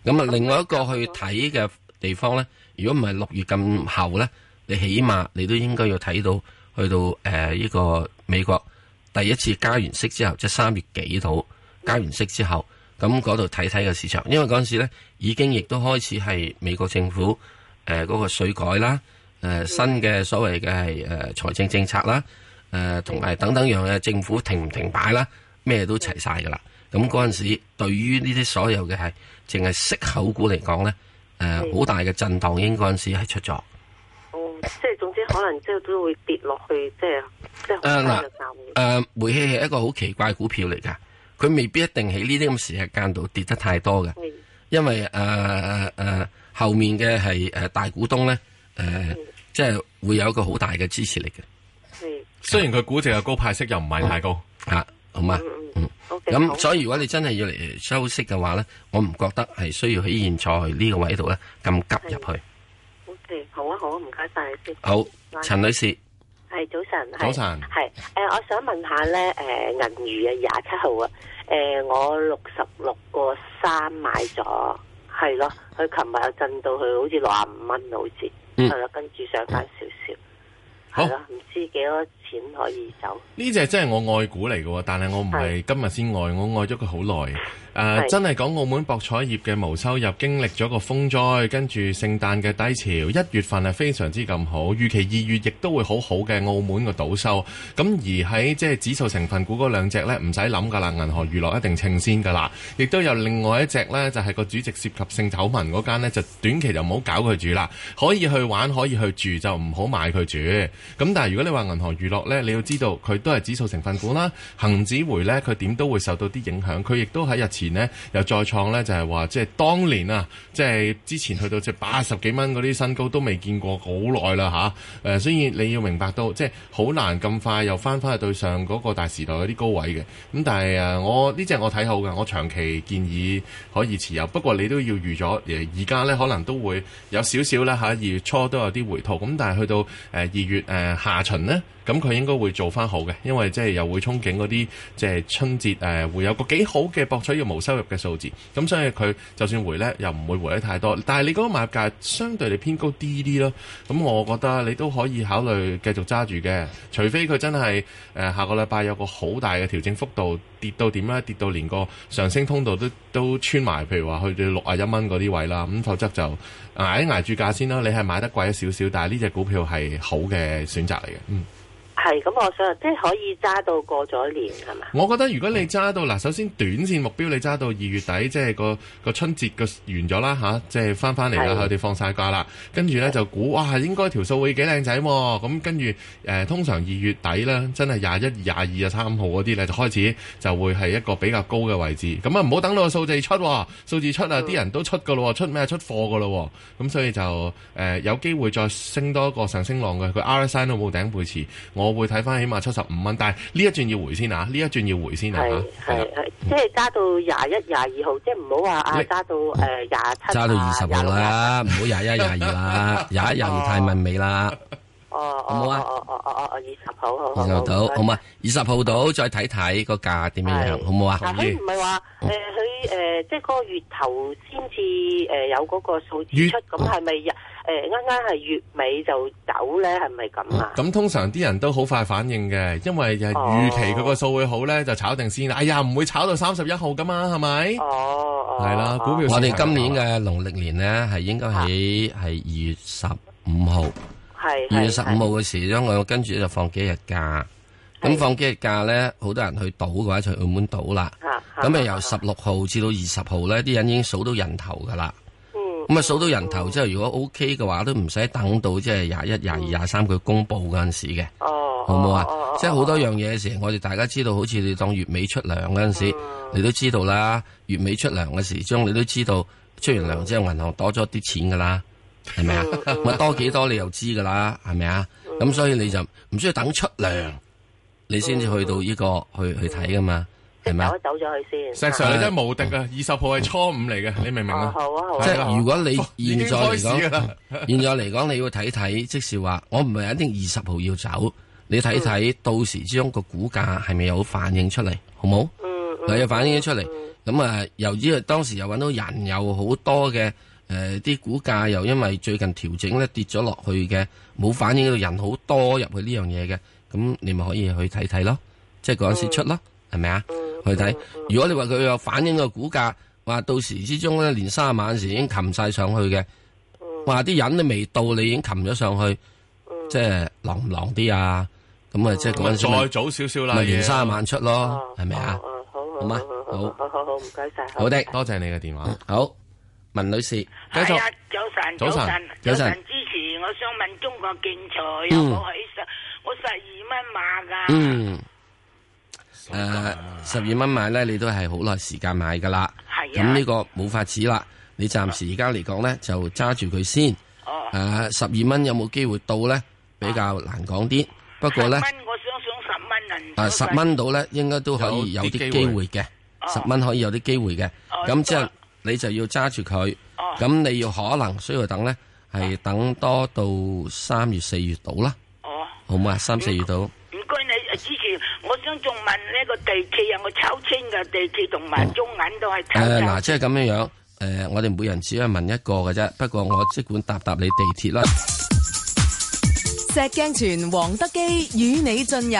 咁啊，另外一個去睇嘅地方咧，如果唔係六月咁後咧，你起碼你都應該要睇到去到誒呢、呃呢個美國第一次加完息之後，即係三月幾度加完息之後，咁嗰度睇睇個市場，因為嗰陣時咧已經亦都開始係美國政府誒嗰、呃嗰個稅改啦，誒、呃、新嘅所謂嘅係誒財政政策啦，誒同埋等等樣嘅政府停唔停擺啦，咩都齊晒噶啦。咁嗰陣時，對於呢啲所有嘅係淨係息口股嚟講咧，誒、呃，好的大嘅震盪，應嗰陣時係出咗。哦，即係總之可能即係都會跌落去，呃、即係即係好誒，煤氣係一個好奇怪股票嚟噶，佢未必一定喺呢啲咁時嘅間度跌得太多嘅。的因為誒誒誒，後面嘅係誒大股東咧，誒、呃的呃，即係會有一個好大嘅支持力嘅。係的，雖然佢估值嘅高派息又唔係太高吓、嗯啊嗯啊，好嘛？嗯咁所以如果你真係要嚟收息嘅話咧，我唔覺得係需要喺現在呢個位度咧咁急入去。O、okay, K，好啊，好啊，唔該晒你先。好，陳女士。係早晨。早晨。係誒、呃，我想問下咧，誒銀娛嘅廿七號啊，誒、呃、我六十六個三買咗，係咯，佢琴日又震到佢好似六十五蚊好似，係啦，跟住上翻少少，係啦，唔知幾多。錢可以走，呢隻真係我愛股嚟嘅，但係我唔係今日先愛，我愛咗佢好耐。誒、呃，是的 真係講澳門博彩業嘅無收入，經歷咗個風災，跟住聖誕嘅低潮，一月份係非常之咁好，預期二月亦都會好好嘅澳門個賭收。咁而喺即係指數成分股嗰兩隻呢，唔使諗噶啦，銀河娛樂一定稱先噶啦，亦都有另外一隻呢，就係、是、個主席涉及性醜聞嗰間呢，就短期就唔好搞佢住啦，可以去玩可以去住，就唔好買佢住。咁但係如果你話銀河娛樂，咧，你要知道佢都係指數成分股啦。恒指回呢，佢點都會受到啲影響。佢亦都喺日前呢，又再創呢，就係話即係當年啊，即係之前去到即八十幾蚊嗰啲新高都未見過，好耐啦吓，誒，所以你要明白到即係好難咁快又翻返去對上嗰個大時代嗰啲高位嘅。咁但係啊，這個、我呢隻我睇好嘅，我長期建議可以持有。不過你都要預咗誒，而家呢，可能都會有少少啦嚇。二月初都有啲回吐咁，但係去到誒二月誒下旬呢。咁佢應該會做翻好嘅，因為即係又會憧憬嗰啲，即係春節誒，會有個幾好嘅博彩，要無收入嘅數字。咁所以佢就算回呢，又唔會回得太多。但係你嗰個買價相對嚟偏高啲啲咯。咁我覺得你都可以考慮繼續揸住嘅，除非佢真係、呃、下個禮拜有個好大嘅調整幅度，跌到點咧？跌到連個上升通道都都穿埋，譬如話去到六啊一蚊嗰啲位啦。咁否則就挨挨住價先啦。你係買得貴一少少，但係呢隻股票係好嘅選擇嚟嘅，嗯。係咁，我想即係可以揸到過咗年，係嘛？我覺得如果你揸到嗱，嗯、首先短線目標你揸到二月底，即係個個春節個完咗啦嚇，即係翻翻嚟啦，佢、就、哋、是、的放曬假啦，跟住咧就估的哇，應該條數會幾靚仔喎。咁跟住通常二月底咧，真係廿一、廿二啊、廿三號嗰啲咧就開始就會係一個比較高嘅位置。咁啊，唔好等到個數字出，數字出啊，啲、嗯、人都出喇咯，出咩出貨喇咯。咁所以就、呃、有機會再升多一個上升浪嘅，佢 RSI 都冇頂背馳我。會睇返起碼七十五蚊，但係呢一轉要回先啊！呢一轉要回先啊！係，係即係揸到廿一廿二號，即係唔好話啊揸你到誒廿七。揸到二十號啦，唔好廿一廿二啦，廿一廿二太問尾啦。 21, 好唔好啊？二十號好唔好？二十號好唔好？二十號到，好唔好？二十號到，再睇睇個價點樣樣，好唔好啊？佢唔係話誒，佢誒，即係個月頭先至誒有嗰個數字出，咁係咪日誒啱啱係月尾就走咧？係咪咁啊？咁通常啲人都好快反應嘅，因為預期佢個數會好咧，就炒定先啦。哎呀，唔會炒到三十一號噶嘛，係咪？哦，係啦。股票，我哋今年嘅農曆年咧，係應該喺係二月十五號。二月十五號嘅時，將我跟住就放幾日假，咁放幾日假呢，好多人去賭嘅話，就去澳門賭啦。咁啊由十六號至到二十號呢，啲人已經數到人頭噶啦。咁啊數到人頭，之後如果 OK 嘅話，都唔使等到即係廿一、廿二、廿三佢公布嗰陣時嘅。好唔好啊？即係好多樣嘢嘅時，我哋大家知道，好似你當月尾出糧嗰陣時，你都知道啦。月尾出糧嘅時，將你都知道出完糧之後，銀行多咗啲錢噶啦。係咪啊？咪多幾多你又知噶啦，係咪啊？咁所以你就唔需要等出量，你先至去到呢個去去睇噶嘛。即係走咗走咗去先。石上 i 你真係無敵啊！二十號係初五嚟嘅，你明唔明啊？好啊好啊。即係如果你現在嚟講，現在嚟講你要睇睇，即是話我唔係一定二十號要走，你睇睇到時中個股價係咪有反映出嚟？好冇？嗯，有反映出嚟，咁啊，由於當時又搵到人又好多嘅。誒，啲股價又因為最近調整咧跌咗落去嘅，冇反映到人好多入去呢樣嘢嘅，咁你咪可以去睇睇咯，即係嗰時出咯，係咪啊？是是嗯、去睇。如果你話佢有反映個股價，話到時之中咧年三十晚時已經擒晒上去嘅，話啲、嗯、人都未到，你已經擒咗上去，嗯、即係浪唔浪啲啊？咁、嗯、啊，嗯、即係講，再早少少啦，咪三十晚出咯，係咪啊？好咪、啊？好，好好好好好唔該晒，好的多謝你嘅電話，嗯、好。文女士，早晨早晨，早晨，早晨。之前我想問中國建材有冇起上？我十二蚊買噶。嗯，誒，十二蚊買咧，你都係好耐時間買噶啦。係啊。咁呢個冇法子啦，你暫時而家嚟講咧，就揸住佢先。哦。誒，十二蚊有冇機會到咧？比較難講啲。不過咧，十蚊我想想十蚊銀。誒，十蚊到咧，應該都可以有啲機會嘅。十蚊可以有啲機會嘅。咁即係。你就要揸住佢，咁、哦、你要可能需要等咧，係等多到三月四月到啦。哦、好唔好啊？三四月到。唔該、嗯、你之前我，我想仲問呢個地鐵有冇抽簽嘅地鐵同埋中銀都係抽。誒嗱、嗯呃呃，即係咁樣樣。誒、呃，我哋每人只係問一個嘅啫。不過我即管答答你地鐵啦。石鏡泉黃德基與你進入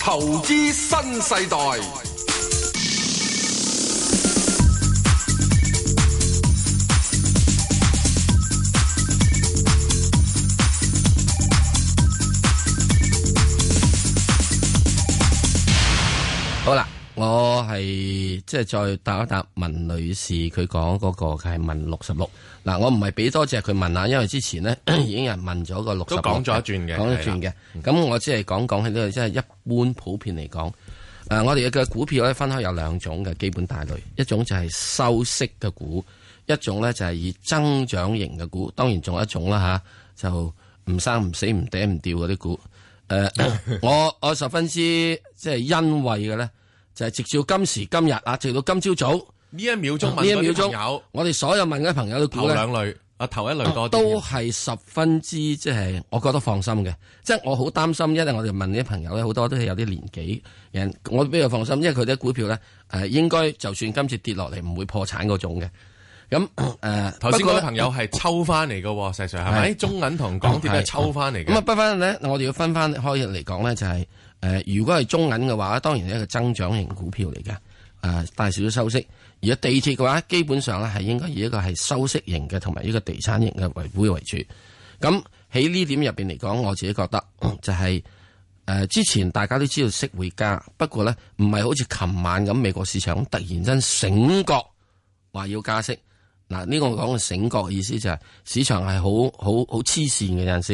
投資新世代。好啦，我係即係再答一答文女士佢講嗰個，佢係問六十六。嗱，我唔係俾多隻佢問呀，因為之前呢 已經有人問咗個六十六，都講咗一轉嘅，講一轉嘅。咁、嗯、我只係講講喺呢度，即係一般普遍嚟講。誒、啊，我哋嘅股票咧分開有兩種嘅基本大類，一種就係收息嘅股，一種咧就係以增長型嘅股。當然仲有一種啦吓、啊，就唔生唔死唔頂唔掉嗰啲股。誒、啊， 我我十分之即係欣慰嘅咧。就係直到今時今日啊，直到今朝早呢一秒鐘呢、嗯、一秒鐘有我哋所有問嘅朋友都股咧，頭兩類，啊頭一類多一點、嗯、都係十分之即係、就是，我覺得放心嘅。即、就、係、是、我好擔心，因為我哋問呢啲朋友咧，好多都係有啲年紀，人我比較放心，因為佢哋股票咧，誒、呃、應該就算今次跌落嚟，唔會破產嗰種嘅。咁、嗯、誒，頭先嗰啲朋友係抽翻嚟嘅 s 上係咪？中銀同港鐵係抽翻嚟嘅。咁啊、嗯，不、嗯、翻、嗯嗯嗯嗯嗯、呢，我哋要分翻開嚟講咧，就係。誒、呃，如果係中銀嘅話，當然係一個增長型股票嚟嘅，誒、呃，帶少少收息；而家地鐵嘅話，基本上咧係應該以一個係收息型嘅，同埋一個地產型嘅為會為主。咁喺呢點入邊嚟講，我自己覺得就係、是、誒、呃，之前大家都知道息會加，不過咧唔係好似琴晚咁美國市場突然間醒覺，話要加息。嗱、呃，呢、這個我講嘅醒覺嘅意思就係市場係好好好黐線嘅，有陣時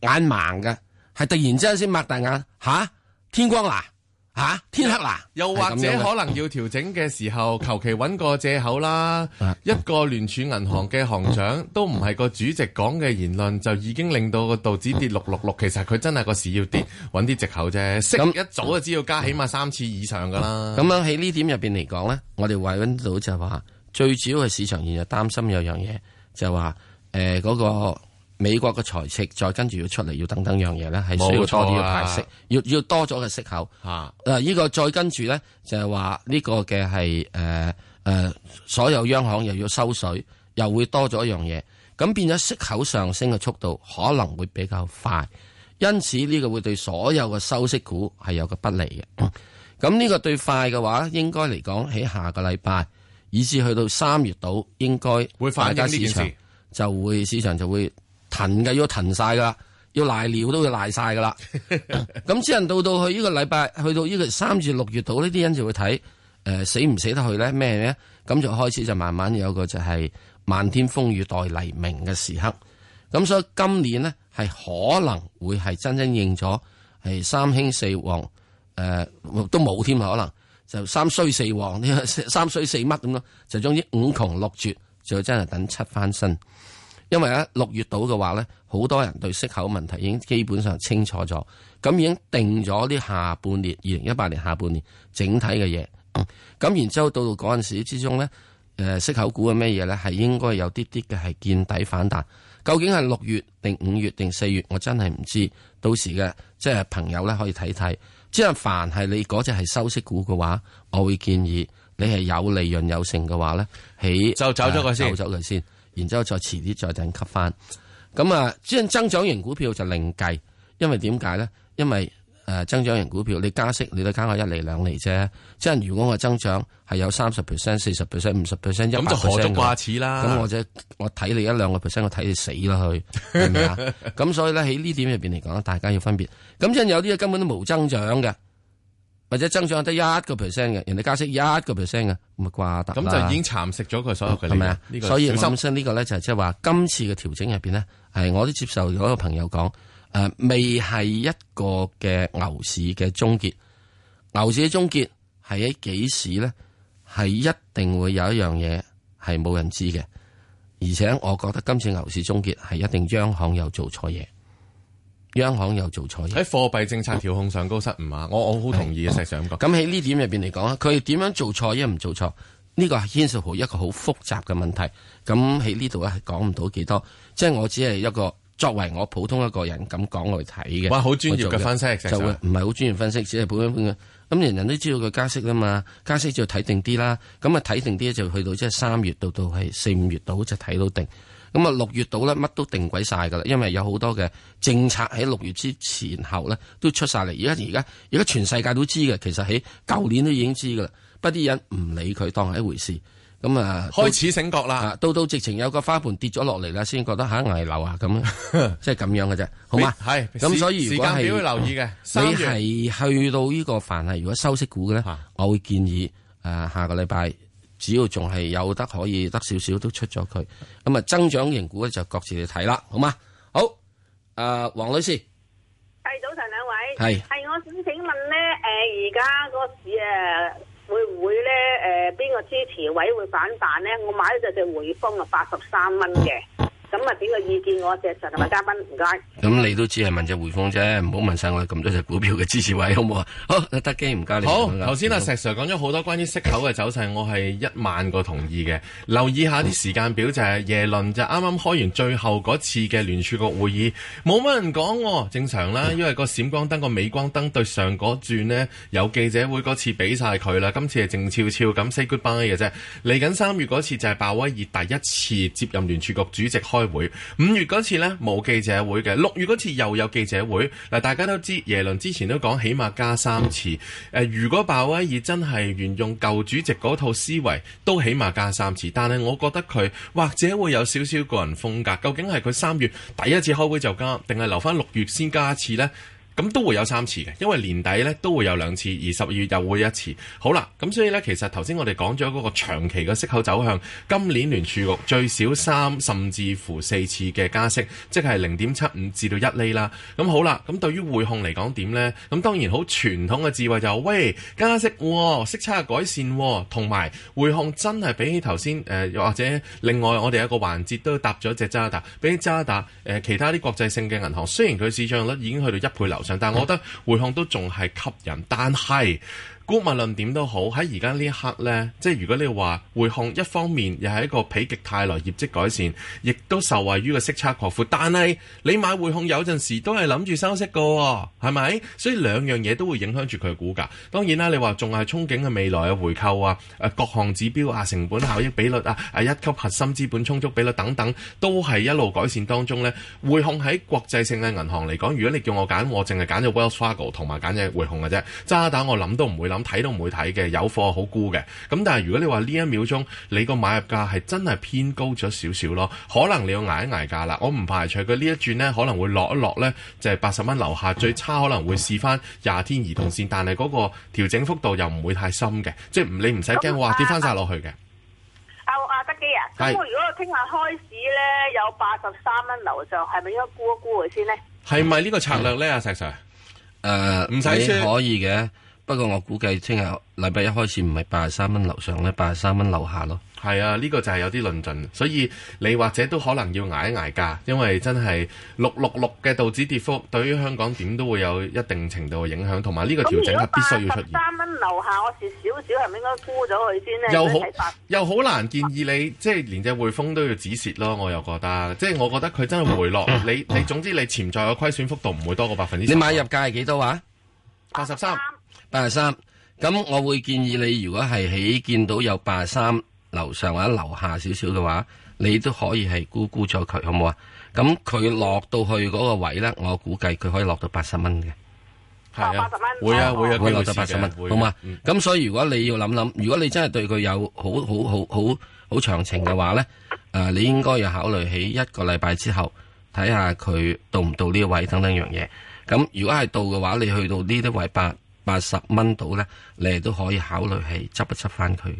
眼盲嘅。係突然之間先擘大眼，吓天光啦，吓天黑啦，又或者可能要調整嘅時候，求其揾個借口啦。啊、一個聯儲銀行嘅行長都唔係個主席講嘅言論，就已經令到個道指跌六六六。其實佢真係個市要跌，揾啲借口啫。咁一早就知道加起碼三次以上噶啦。咁樣喺呢點入邊嚟講咧，我哋話翻到就話，最主要嘅市場現日擔心有樣嘢，就話誒嗰個。美國嘅財赤再跟住要出嚟，要等等樣嘢咧，係需要多啲嘅派息，要要多咗嘅息口啊。嗱、啊，呢個再跟住咧，就係話呢個嘅係誒誒，所有央行又要收水，又會多咗一樣嘢，咁變咗息口上升嘅速度可能會比較快，因此呢個會對所有嘅收息股係有個不利嘅。咁呢、啊、個對快嘅話，應該嚟講喺下個禮拜以至去到三月度，應該會快反映呢件事，就會市場就會騰嘅要騰晒噶啦，要賴尿都要賴晒噶啦。咁只能到到去呢個禮拜，去到呢個三至六月度呢啲人就會睇，誒、呃、死唔死得去咧？咩咧？咁就開始就慢慢有個就係漫天風雨待黎明嘅時刻。咁所以今年呢，係可能會係真真認咗係三星四旺，誒、呃、都冇添，可能就三衰四旺，呢個三衰四乜咁咯，就將啲五窮六絕就真係等七翻身。因為啊六月到嘅話咧，好多人對息口問題已經基本上清楚咗，咁已經定咗啲下半年二零一八年下半年整體嘅嘢，咁然之後到到嗰陣時之中咧，誒，息口股係咩嘢咧？係應該有啲啲嘅係見底反彈。究竟係六月定五月定四月？我真係唔知。到時嘅即係朋友咧可以睇睇。即係凡係你嗰隻係收息股嘅話，我會建議你係有利潤有成嘅話咧，起就走咗個、啊、先走。然之後再遲啲再等吸翻，咁啊，即係增長型股票就另計，因為點解咧？因為誒增長型股票你加息，你都加個一厘兩厘啫。即係如果我增長係有三十 percent、四十 percent、五十 percent、一百 percent、咁就何足掛齒啦。咁或者我睇你一兩個 percent，我睇你死啦佢，係咪啊？咁 所以咧喺呢點入邊嚟講，大家要分別。咁即係有啲嘢根本都冇增長嘅。或者增長得一個 percent 嘅，人哋加息一個 percent 嘅，咪掛搭。咁就已經蠶食咗佢所有嘅。係咪啊？呢個小心呢個咧，就係即係話今次嘅調整入邊呢，誒我都接受嗰個朋友講，誒、呃、未係一個嘅牛市嘅終結。牛市嘅終結係喺幾時呢？係一定會有一樣嘢係冇人知嘅，而且我覺得今次牛市終結係一定央行又做錯嘢。央行又做錯嘢，喺貨幣政策調控上高失誤啊！我我好同意啊，係，一直想講。咁喺呢點入邊嚟講啊，佢點樣做錯，因為唔做錯呢個係牽涉到一個好複雜嘅問題。咁喺呢度咧係講唔到幾多，即係我只係一個作為我普通一個人咁講來睇嘅。哇，好專業嘅分析，就唔係好專業分析，只係普通咁。咁、嗯、人人都知道佢加息啦嘛，加息就睇定啲啦。咁啊睇定啲就去到即係三月到到係四五月度就睇到定。咁啊，六月到咧，乜都定鬼晒噶啦，因為有好多嘅政策喺六月之前後咧都出晒嚟。而家而家而家全世界都知嘅，其實喺舊年都已經知噶啦，不啲人唔理佢當係一回事。咁啊，開始醒覺啦，到到、啊、直情有個花盆跌咗落嚟啦，先覺得吓危樓啊咁，即係咁樣嘅啫， 好嘛？係。咁所以如果係留意嘅，你係去到呢、呢個凡係如果收息股嘅咧，的我會建議誒、呃、下個禮拜。只要仲係有得可以，得少少都出咗佢，咁啊增長型股咧就各自嚟睇啦，好嘛？好，誒、呃，黃女士，係早晨兩位，係是，係我想請問咧，誒而家個市啊會唔會咧誒邊個支持位會反彈咧？我買咗隻隻匯豐啊，八十三蚊嘅，咁啊。意見我石 Sir 嘉賓唔該，咁你都只係問隻匯豐啫，唔好問晒我咁多隻股票嘅支持位好唔好啊？好，得機唔該你。好，頭先阿石 Sir 講咗好多關於息口嘅走勢，我係一萬個同意嘅。留意下啲時間表，就係耶倫就啱啱開完最後嗰次嘅聯儲局會議，冇乜人講喎，正常啦，因為個閃光燈個美光燈對上嗰轉呢，有記者會嗰次俾晒佢啦，今次係靜悄悄咁 say goodbye 嘅啫。嚟緊三月嗰次就係鮑威爾第一次接任聯儲局主席開會。五月嗰次呢，冇記者會嘅，六月嗰次又有記者會。嗱，大家都知，耶倫之前都講，起碼加三次。呃，如果鮑威爾真係沿用舊主席嗰套思維，都起碼加三次。但係我覺得佢或者會有少少個人風格。究竟係佢三月第一次開會就加，定係留翻六月先加一次呢？咁都會有三次嘅，因為年底呢都會有兩次，而十二月又會一次。好啦，咁所以呢，其實頭先我哋講咗嗰個長期嘅息口走向，今年聯儲局最少三甚至乎四次嘅加息，即係零點七五至到一厘啦。咁好啦，咁對於匯控嚟講點呢？咁當然好傳統嘅智慧就係、喂加息，哦、息差改善、哦，同埋匯控真係比起頭先誒，又、呃、或者另外我哋有一個環節都搭咗隻渣打，比起渣打、呃、其他啲國際性嘅銀行，雖然佢市帳率已經去到一倍流。但我覺得回向都仲係吸引，但係。股無論點都好，喺而家呢一刻呢，即係如果你話匯控，一方面又係一個否極泰來，業績改善，亦都受惠於個息差擴闊。但係你買匯控有陣時都係諗住收息噶、哦，係咪？所以兩樣嘢都會影響住佢嘅股價。當然啦、啊，你話仲係憧憬嘅未來嘅回購啊，各項指標啊，成本效益比率啊，啊一級核心資本充足比率等等，都係一路改善當中呢，匯控喺國際性嘅銀行嚟講，如果你叫我揀，我淨係揀咗 Wells Fargo 同埋揀隻匯控嘅啫，渣打我諗都唔會諗。睇都唔會睇嘅，有貨好沽嘅。咁但係如果你話呢一秒鐘你個買入價係真係偏高咗少少咯，可能你要挨一挨價啦。我唔排除佢呢一轉咧可能會落一落咧就係八十蚊樓下，嗯、最差可能會試翻廿天移動線，嗯嗯、但係嗰個調整幅度又唔會太深嘅，嗯、即係你唔使驚話跌翻晒落去嘅。阿阿、啊啊、德基啊，咁我是如果聽日開始咧有八十三蚊樓上，係咪應該估一估佢先呢？係咪呢是是個策略咧，阿是、啊、石 Sir？誒、呃，唔使先可以嘅。不過我估計聽日禮拜一開始唔係八十三蚊樓上咧，八十三蚊樓下咯。係啊，呢個就係有啲論盡，所以你或者都可能要挨一挨價，因為真係六六六嘅道指跌幅對於香港點都會有一定程度嘅影響，同埋呢個調整係必須要出現。咁如果八十三蚊樓下，我蝕少少係咪應該沽咗佢先呢？又好又好難建議你，啊、即係連隻匯豐都要止蝕咯。我又覺得，即係我覺得佢真係回落，啊、你你總之你潛在嘅虧損幅度唔會多過百分之十。你買入價係幾多啊？八十三。八十三，咁我會建議你，如果係喺見到有八十三樓上或者樓下少少嘅話，你都可以係沽沽咗佢，好唔好啊？咁佢落到去嗰個位呢，我估計佢可以落到八十蚊嘅，係啊，元啊，會啊會啊，會落到八十蚊，好嘛嗎？咁、嗯、所以如果你要諗諗，如果你真係對佢有好好好好好長情嘅話呢，誒、呃，你應該要考慮喺一個禮拜之後睇下佢到唔到呢個位等等樣嘢。咁如果係到嘅話，你去到呢啲位八。八十蚊到咧，你哋都可以考慮係執一執翻佢。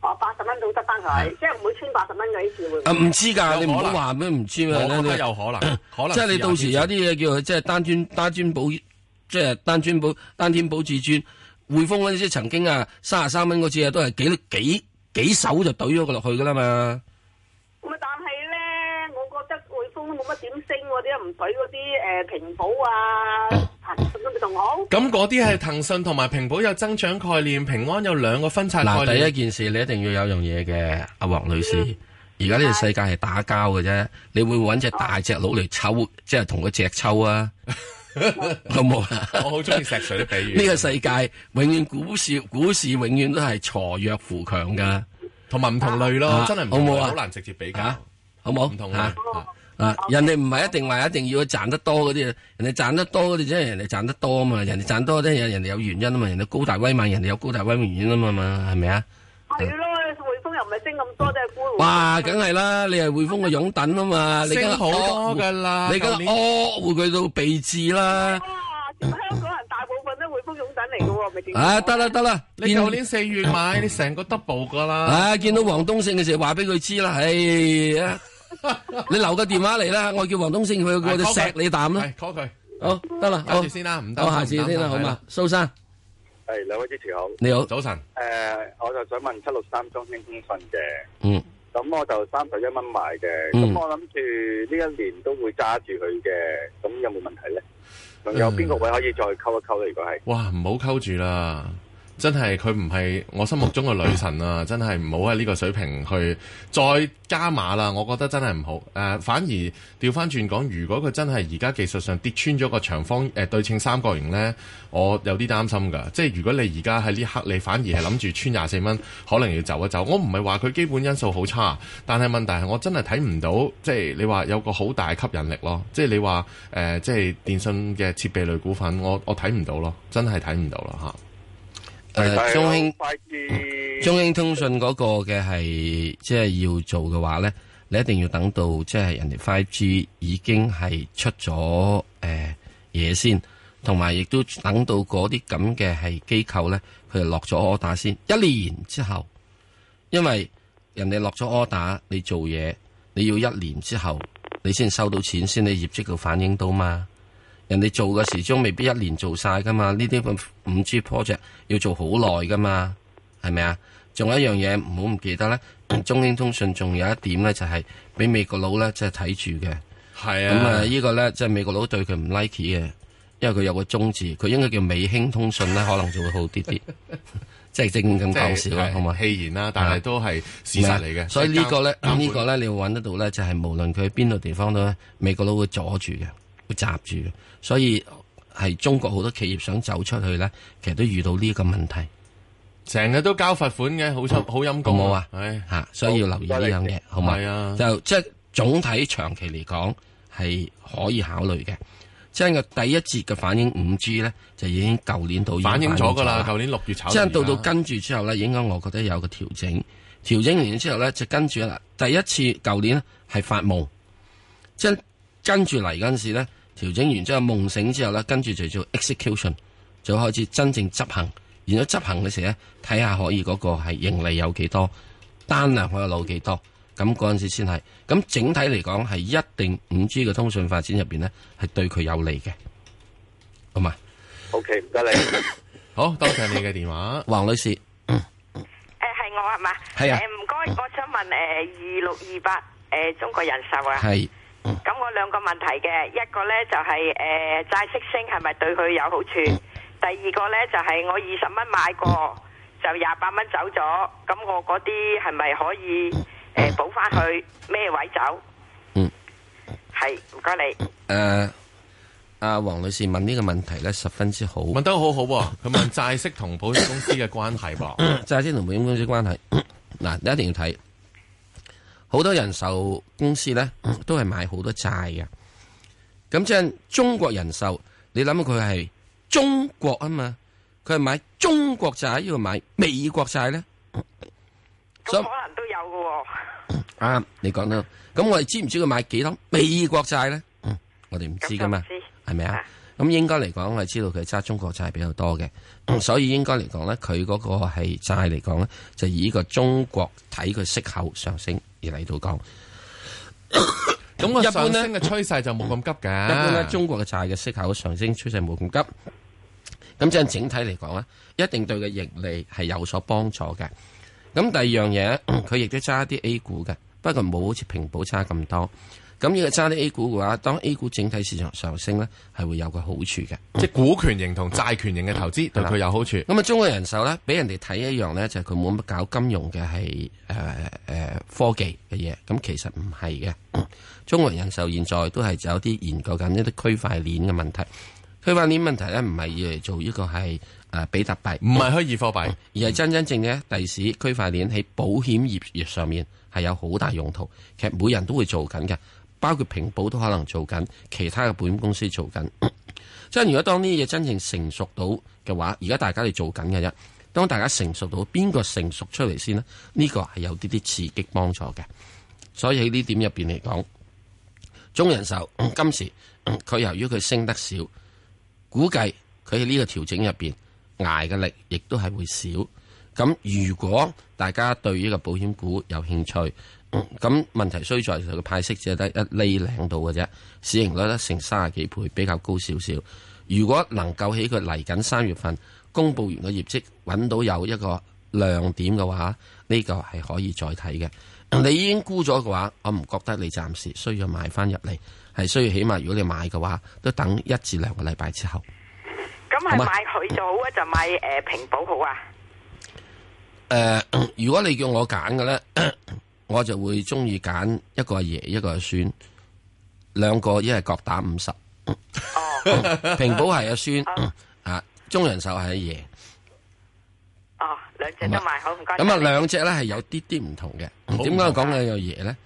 哦，八十蚊到得翻佢，的即係唔會穿八十蚊嗰啲字會。啊，唔知噶，你唔好話咩唔知，我覺得有可能，可能。即係你到時有啲嘢叫佢即係單鑽單鑽保，即係單鑽保單天保至尊，匯豐嗰啲即係曾經啊，三十三蚊嗰次啊，都係幾幾幾手就懟咗佢落去噶啦嘛。咁啊，但係咧，我覺得匯豐都冇乜點。嗰啲唔使嗰啲誒保啊，咁嗰啲係騰訊同埋平保有增長概念，平安有兩個分拆，嗱，第一件事你一定要有樣嘢嘅，阿黃女士。而家呢個世界係打交嘅啫，你會搵隻大隻佬嚟抽，即係好同佢隻抽啊？ 好冇啊！我好中意石水的比喻。呢 個世界永遠股市股市永遠都係財弱扶強㗎，同埋唔同類咯，真好冇？好、啊啊、難直接比㗎？好冇唔同啊？啊啊啊！人哋唔係一定話一定要去賺得多嗰啲，人哋賺得多嗰啲，即係人哋賺得多啊嘛！人哋賺多咧，人人哋有原因啊嘛！人哋高大威猛，人哋有高大威猛原因啊嘛嘛，係咪啊？係咯，匯豐又唔係升咁多，即係沽。哇，梗係啦，你係匯豐個擁躉啊嘛，升咗好多噶啦，你個窩會佢都避之啦。哇！香港人大部分都匯豐擁躉嚟噶喎，咪點？唉，得啦得啦，你舊年四月買，你成個 double 噶啦。唉，見到黃東勝嘅時候，話俾佢知啦，唉。你留個電話嚟啦，我叫黃東升，佢我就錫你啖啦，溝佢好得啦，下次先啦，唔得我下次先啦，好嘛？蘇生係兩位支持好，你好早晨，誒，我就想問七六三中興通訊嘅，嗯，咁我就三十一蚊買嘅，咁我諗住呢一年都會揸住佢嘅，咁有冇問題咧？仲有邊個位可以再溝一溝咧？如果係哇，唔好溝住啦。真係佢唔係我心目中嘅女神啊！真係唔好喺呢個水平去再加碼啦。我覺得真係唔好誒、呃，反而調翻轉講，如果佢真係而家技術上跌穿咗個長方誒、呃、對稱三角形呢，我有啲擔心㗎。即係如果你而家喺呢刻，你反而係諗住穿廿四蚊，可能要走一走。我唔係話佢基本因素好差，但係問題係我真係睇唔到，即係你話有個好大吸引力咯。即係你話誒、呃，即係電信嘅設備類股份，我我睇唔到咯，真係睇唔到啦嚇。誒、呃，中興，G, 中興通訊嗰個嘅係，即、就、係、是、要做嘅話咧，你一定要等到即係、就是、人哋 Five G 已經係出咗誒嘢先，同埋亦都等到嗰啲咁嘅係機構咧，佢哋落咗 order 先，一年之後，因為人哋落咗 order，你做嘢，你要一年之後你先收到錢，先你業績度反映到嘛。人哋做嘅時鐘未必一年做晒噶嘛，呢啲五 G project 要做好耐噶嘛，係咪啊？仲有一樣嘢唔好唔記得咧，中興通訊仲有一點咧就係、是、俾美國佬咧即係睇住嘅。係、就是、是啊，啊，咁、這、啊、個、呢個咧即係美國佬對佢唔 like 嘅，因為佢有個中字，佢應該叫美興通訊咧，可能就會、是、好啲嗎啲。即係正咁講笑，啦，同埋戲言啦，但係都係事實嚟嘅。所以呢個管個咧，呢個咧，你揾得到咧，就係、是、無論佢喺邊度地方都，美國佬會阻住嘅。會閘住，所以係中國好多企業想走出去咧，其實都遇到呢個問題，成日都交罰款嘅，嗯、好臭，好陰功，好冇啊，吓，所以要留意呢力樣嘢，好嘛？啊、就即係總體長期嚟講係可以考慮嘅，即係個第一節嘅反應五 G 咧，就已經舊年到已經反映咗噶啦，舊年六月炒月，即係到到跟住之後咧，應該我覺得有個調整，調整完之後咧就跟住啦，第一次舊年係發夢，即係跟住嚟嗰陣時咧。調整完之後，夢醒之後咧，跟住就做 execution，就開始真正執行。然後執行嘅時候咧，睇下可以嗰個係盈利有幾多，單量可以攞幾多，咁嗰陣時先係。咁整體嚟講係一定五 G 嘅通訊發展入邊咧，係對佢有利嘅。好嘛，OK，唔該你。 好多謝你嘅電話，黃 女士。誒，係 我係嘛？係啊。唔該，我想問誒，二六二八誒，中國人壽啊。係。咁我兩個問題嘅，一個呢就係誒債息升係咪對佢有好處？嗯、第二個呢就係我二十蚊買過，嗯、就廿八蚊走咗，咁我嗰啲係咪可以誒補返去咩位置走？嗯，係唔該你。誒、呃，阿黃女士問呢個問題呢十分之好，問得好好，啊。佢問債息同保險公司嘅關係噃、啊，債 息同保險公司關係，嗱 你一定要睇。好多人壽公司咧，都係買好多債㗎。咁即係中國人壽，你諗佢係中國啊嘛？佢係買中國債，要買美國債咧？咁可能都有噶，哦。啊你講到，咁我哋知唔知佢買幾多美國債咧、嗯？我哋唔知噶嘛，係咪吧啊？咁應該嚟講，我哋知道佢揸中國債比較多嘅、嗯，所以應該嚟講咧，佢嗰個係債嚟講咧，就以呢個中國睇佢息口上升。而嚟到講，咁 個上升嘅趨勢就冇咁急噶。一般咧， 中國嘅債嘅息口上升趨勢冇咁急。咁即係整體嚟講咧，一定對佢嘅盈利係有所幫助嘅。咁第二樣嘢，佢亦都揸啲 A 股嘅，不過冇好似平保揸咁多。咁呢個揸啲 A 股嘅話，當 A 股整體市場上升呢，係會有個好處嘅，即係股權型同債權型嘅投資對佢有好處。咁啊，中國人壽呢，俾人哋睇一樣呢，就係佢冇乜搞金融嘅，係誒、呃、科技嘅嘢。咁其實唔係嘅，中國人壽現在都係有啲研究緊一啲區塊鏈嘅問題。區塊鏈問題呢，唔係要嚟做一個係誒比特幣，唔係虛擬貨幣，而係真真正嘅第時區塊鏈喺保險業業上面係有好大用途。其實每人都會做緊嘅。包括平保都可能做緊，其他嘅保險公司做緊。 即係如果當呢啲嘢真正成熟到嘅話，而家大家哋做緊嘅啫，當大家成熟到，邊個成熟出嚟先呢，呢、呢個係有啲啲刺激幫助嘅。所以喺呢點入邊嚟講，中人壽今時佢由於佢升得少，估計佢喺呢個調整入邊挨嘅力亦都係會少。咁如果大家對呢個保險股有興趣，咁、嗯、問題衰在佢派息只係得一厘零度嘅啫，市盈率得成三十幾倍比較高少少。如果能夠喺佢嚟緊三月份公布完個業績，搵到有一個亮點嘅話，呢、這個係可以再睇嘅。你已經沽咗嘅話，我唔覺得你暫時需要買翻入嚟，係需要起碼如果你買嘅話，都等一至兩個禮拜之後。咁係買佢好啊，就買誒平保好啊？誒、呃，如果你叫我揀嘅咧？咳咳我就會中意揀一個阿爺，一個阿孫，兩個一係各打五十。哦，平保係阿孫啊，中人壽係阿爺。哦，兩隻都買好，唔該。咁啊，兩隻咧係有啲啲唔同嘅。點解我講緊個爺咧？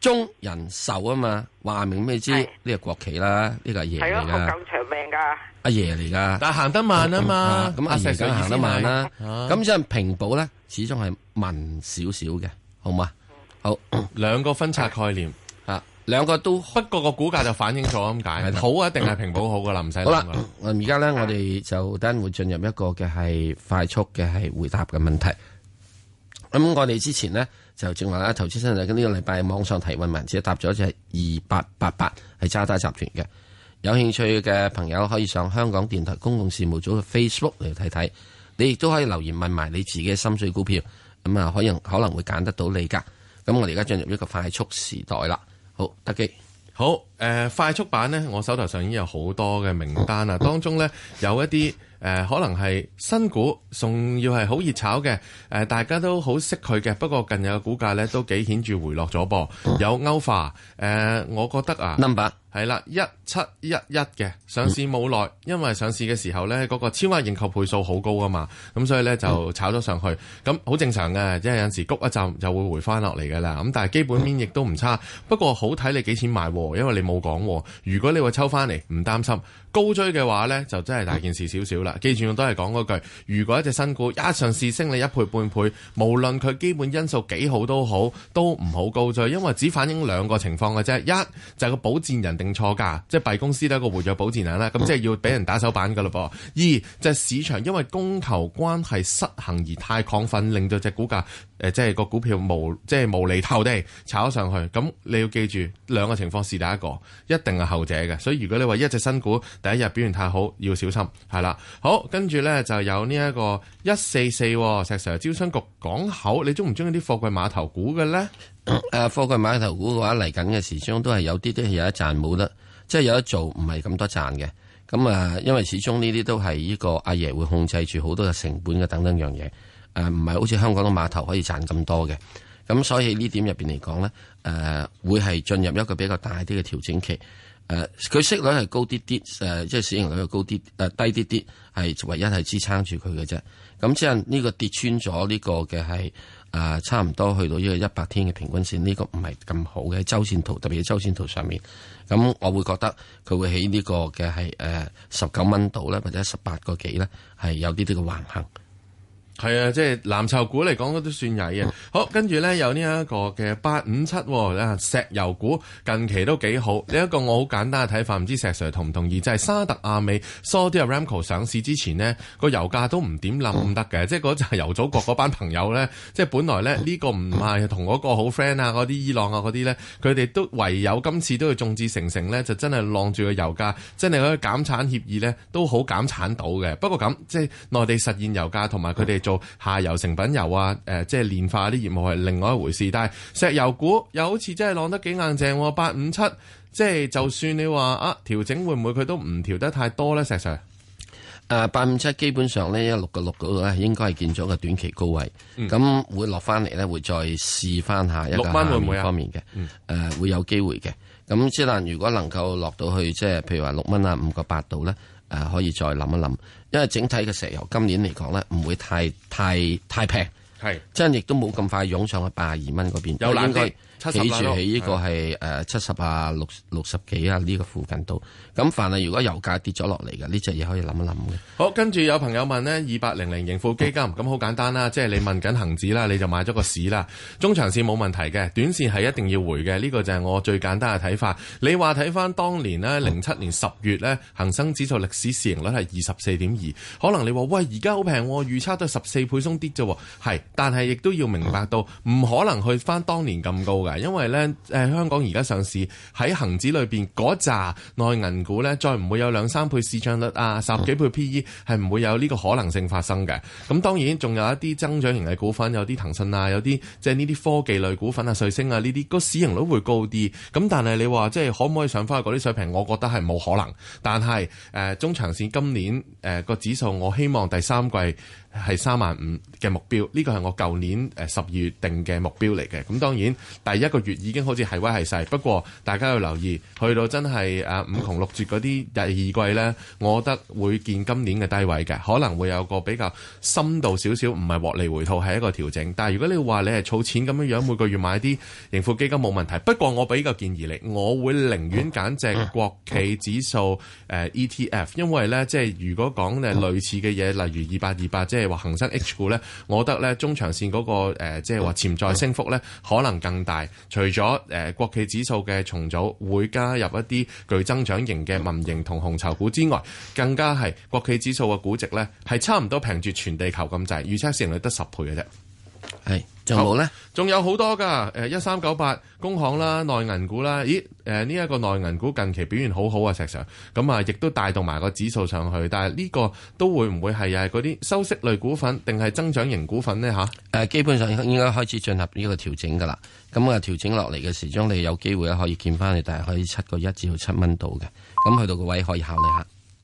中人壽啊嘛，話明咩？知呢個國企啦，呢個爺嚟啦。係咯，夠長命噶。阿爺嚟噶，但係行得慢啊嘛。咁阿爺梗行得慢啦。咁即係平保咧，始終係慢少少嘅。好嘛？好，兩個分拆概念吓，是兩個都不過個股價就反映咗咁解。的好啊，一定係平保好噶啦，唔使諗啦。而家呢，嗯嗯、我哋就等會進入一個嘅係快速嘅係回答嘅問題。咁、嗯嗯嗯、我哋之前呢，就正話啦，投資新人嘅呢個禮拜網上提問文字答咗隻二八八八係渣打集團嘅，有興趣嘅朋友可以上香港電台公共事務組嘅 Facebook 嚟睇睇。你亦都可以留言問埋你自己嘅心水股票。咁啊，可能可能會揀得到你㗎。咁我哋而家進入一個快速時代啦。好，得機。好，誒、呃，快速版咧，我手頭上已經有好多嘅名單啦。當中咧有一啲誒、呃，可能係新股，仲要係好熱炒嘅、呃。大家都好識佢嘅。不過近日嘅股價咧都幾顯著回落咗噃。有歐化誒、呃，我覺得啊。Number? 係啦，一七一一嘅上市冇耐，因為上市嘅時候呢，嗰、那個超額認購倍數好高啊嘛，咁所以呢，就炒咗上去，咁好正常嘅，即係有陣時谷一浸就會回翻落嚟噶啦，咁但係基本面亦都唔差，不過好睇你幾錢買，因為你冇講，如果你會抽翻嚟唔擔心，高追嘅話呢，就真係大件事少少啦，記住我都係講嗰句，如果一隻新股一上市升你一倍半倍，無論佢基本因素幾好都好，都唔好高追，因為只反映兩個情況嘅啫，一就係、是、個保薦人。唔錯噶，即係弊，公司一個活躍保自然啦，咁即係要俾人打手板噶嘞噃。二，就係市場，因為供求關係失衡而太亢奮，令到隻股價誒，即係個股票無即係無厘頭地炒上去。咁你要記住，兩個情況是第一個，一定係後者嘅。所以如果你話一隻新股第一日表現太好，要小心係啦。好，跟住呢就有呢一個一四四石 Sir 招商局港口，你中唔中意啲貨櫃碼頭股嘅呢？誒，貨櫃碼頭股嘅話，嚟緊嘅時鐘都係有啲啲有得賺冇得，即係有得做唔係咁多賺嘅。咁啊，因為始終呢啲都係呢個阿爺會控制住好多嘅成本嘅等等樣嘢。誒，唔係好似香港嘅碼頭可以賺咁多嘅。咁所以呢點入邊嚟講咧，誒，會係進入一個比較大啲嘅調整期。誒，佢息率係高啲啲，誒，即係市盈率又高啲，誒，低啲啲係唯一係支撐住佢嘅啫。咁即係呢個跌穿咗呢個嘅係。啊，差唔多去到呢個一百天嘅平均線，呢個唔係咁好嘅。喺周線圖，特別係周線圖上面，咁我會覺得佢會喺呢個嘅係誒十九蚊度咧，或者十八個幾咧，係有啲啲嘅橫行。係啊，即係藍籌股嚟講，都算矮嘅。好，跟住咧，有呢一個嘅八五七啊，石油股近期都幾好。呢一個我好簡單嘅睇法，唔知石 sir 同唔同意？就係、是、沙特阿美 Saudi Aramco 上市之前呢個油價都唔點冧得嘅。嗯、即係嗰就係油祖國嗰班朋友呢，即係本來呢，呢、這個唔係同嗰個好 friend 啊，嗰啲伊朗啊嗰啲呢，佢哋都唯有今次都要眾志成城呢，就真係浪住個油價。真係嗰個減產協議呢都好減產到嘅。不過咁即係內地實現油價同埋佢哋。做下游成品油啊，誒、呃，即係煉化啲業務係另外一回事，但係石油股又好似真係浪得幾硬淨喎，八五七，8, 5, 7, 即係就算你話啊調整會唔會佢都唔調得太多咧，石、Sir? s i 八五七基本上呢，一六個六嗰度咧應該係見咗個短期高位，咁、嗯、會落翻嚟咧會再試翻下一個下面方面嘅，誒會，會、呃、會有機會嘅。咁即係如果能夠落到去即係譬如話六蚊啊五個八度咧。誒可以再諗一諗，因為整體嘅石油今年嚟講呢，唔會太太太平，係是，即係亦都冇咁快湧上去八十二蚊嗰邊，有企住喺呢個係誒七十啊六六十幾啊呢，這個附近度，咁凡係如果油價跌咗落嚟嘅呢隻嘢可以諗一諗嘅。好，跟住有朋友問呢：「二八零零盈富基金，咁好，嗯，簡單啦，即係你問緊恒指啦，你就買咗個市啦，中長線冇問題嘅，短線係一定要回嘅，呢，這個就係我最簡單嘅睇法。你話睇翻當年呢，零七年十月呢，嗯，恒生指數歷史市盈率係二十四點二，可能你話喂而家好平，預測都十四倍鬆啲啫，係，但係亦都要明白到唔，嗯，可能去翻當年咁高嘅。因為咧，誒、呃，香港而家上市喺恒指裏邊嗰扎內銀股咧，再唔會有兩三倍市賬率啊，十幾倍 PE 係唔會有呢個可能性發生嘅。咁當然仲有一啲增長型嘅股份，有啲騰訊啊，有啲即係呢啲科技類股份啊，瑞星啊呢啲，個市盈率會高啲。咁但係你話即係可唔可以上翻去嗰啲水平，我覺得係冇可能。但係誒、呃，中長線今年誒、呃、個指數，我希望第三季。係三萬五嘅目標，呢個係我舊年十二月定嘅目標嚟嘅。咁當然第一個月已經好似係威係勢，不過大家要留意，去到真係五窮六絕嗰啲第二季呢，我覺得會見今年嘅低位嘅，可能會有個比較深度少少，唔係獲利回吐，係一個調整。但如果你話你係儲錢咁樣樣，每個月買啲盈富基金冇問題。不過我俾個建議你，我會寧願揀隻國企指數 ETF，因為呢，即係如果講誒類似嘅嘢，例如二八二八。即係。話恒生 H 股咧，我覺得咧中長線嗰個誒，即係話潛在升幅咧可能更大。除咗誒國企指數嘅重組會加入一啲具增長型嘅民營同紅籌股之外，更加係國企指數嘅估值咧係差唔多平住全地球咁滯，預測市盈率得十倍嘅啫。係。仲有呢好還有好多噶，誒，一三九八工行啦，內銀股啦，咦？誒、呃，呢、這、一個內銀股近期表現好好啊，石 Sir 咁啊，亦都帶動埋個指數上去。但係呢個都會唔會係又係嗰啲收息類股份，定係增長型股份呢？吓、啊、誒、呃，基本上應該開始進入呢個調整噶啦。咁啊，調整落嚟嘅時，中你有機會可以見翻你，但係可以七個一至到七蚊度嘅。咁去到個位可以考慮下。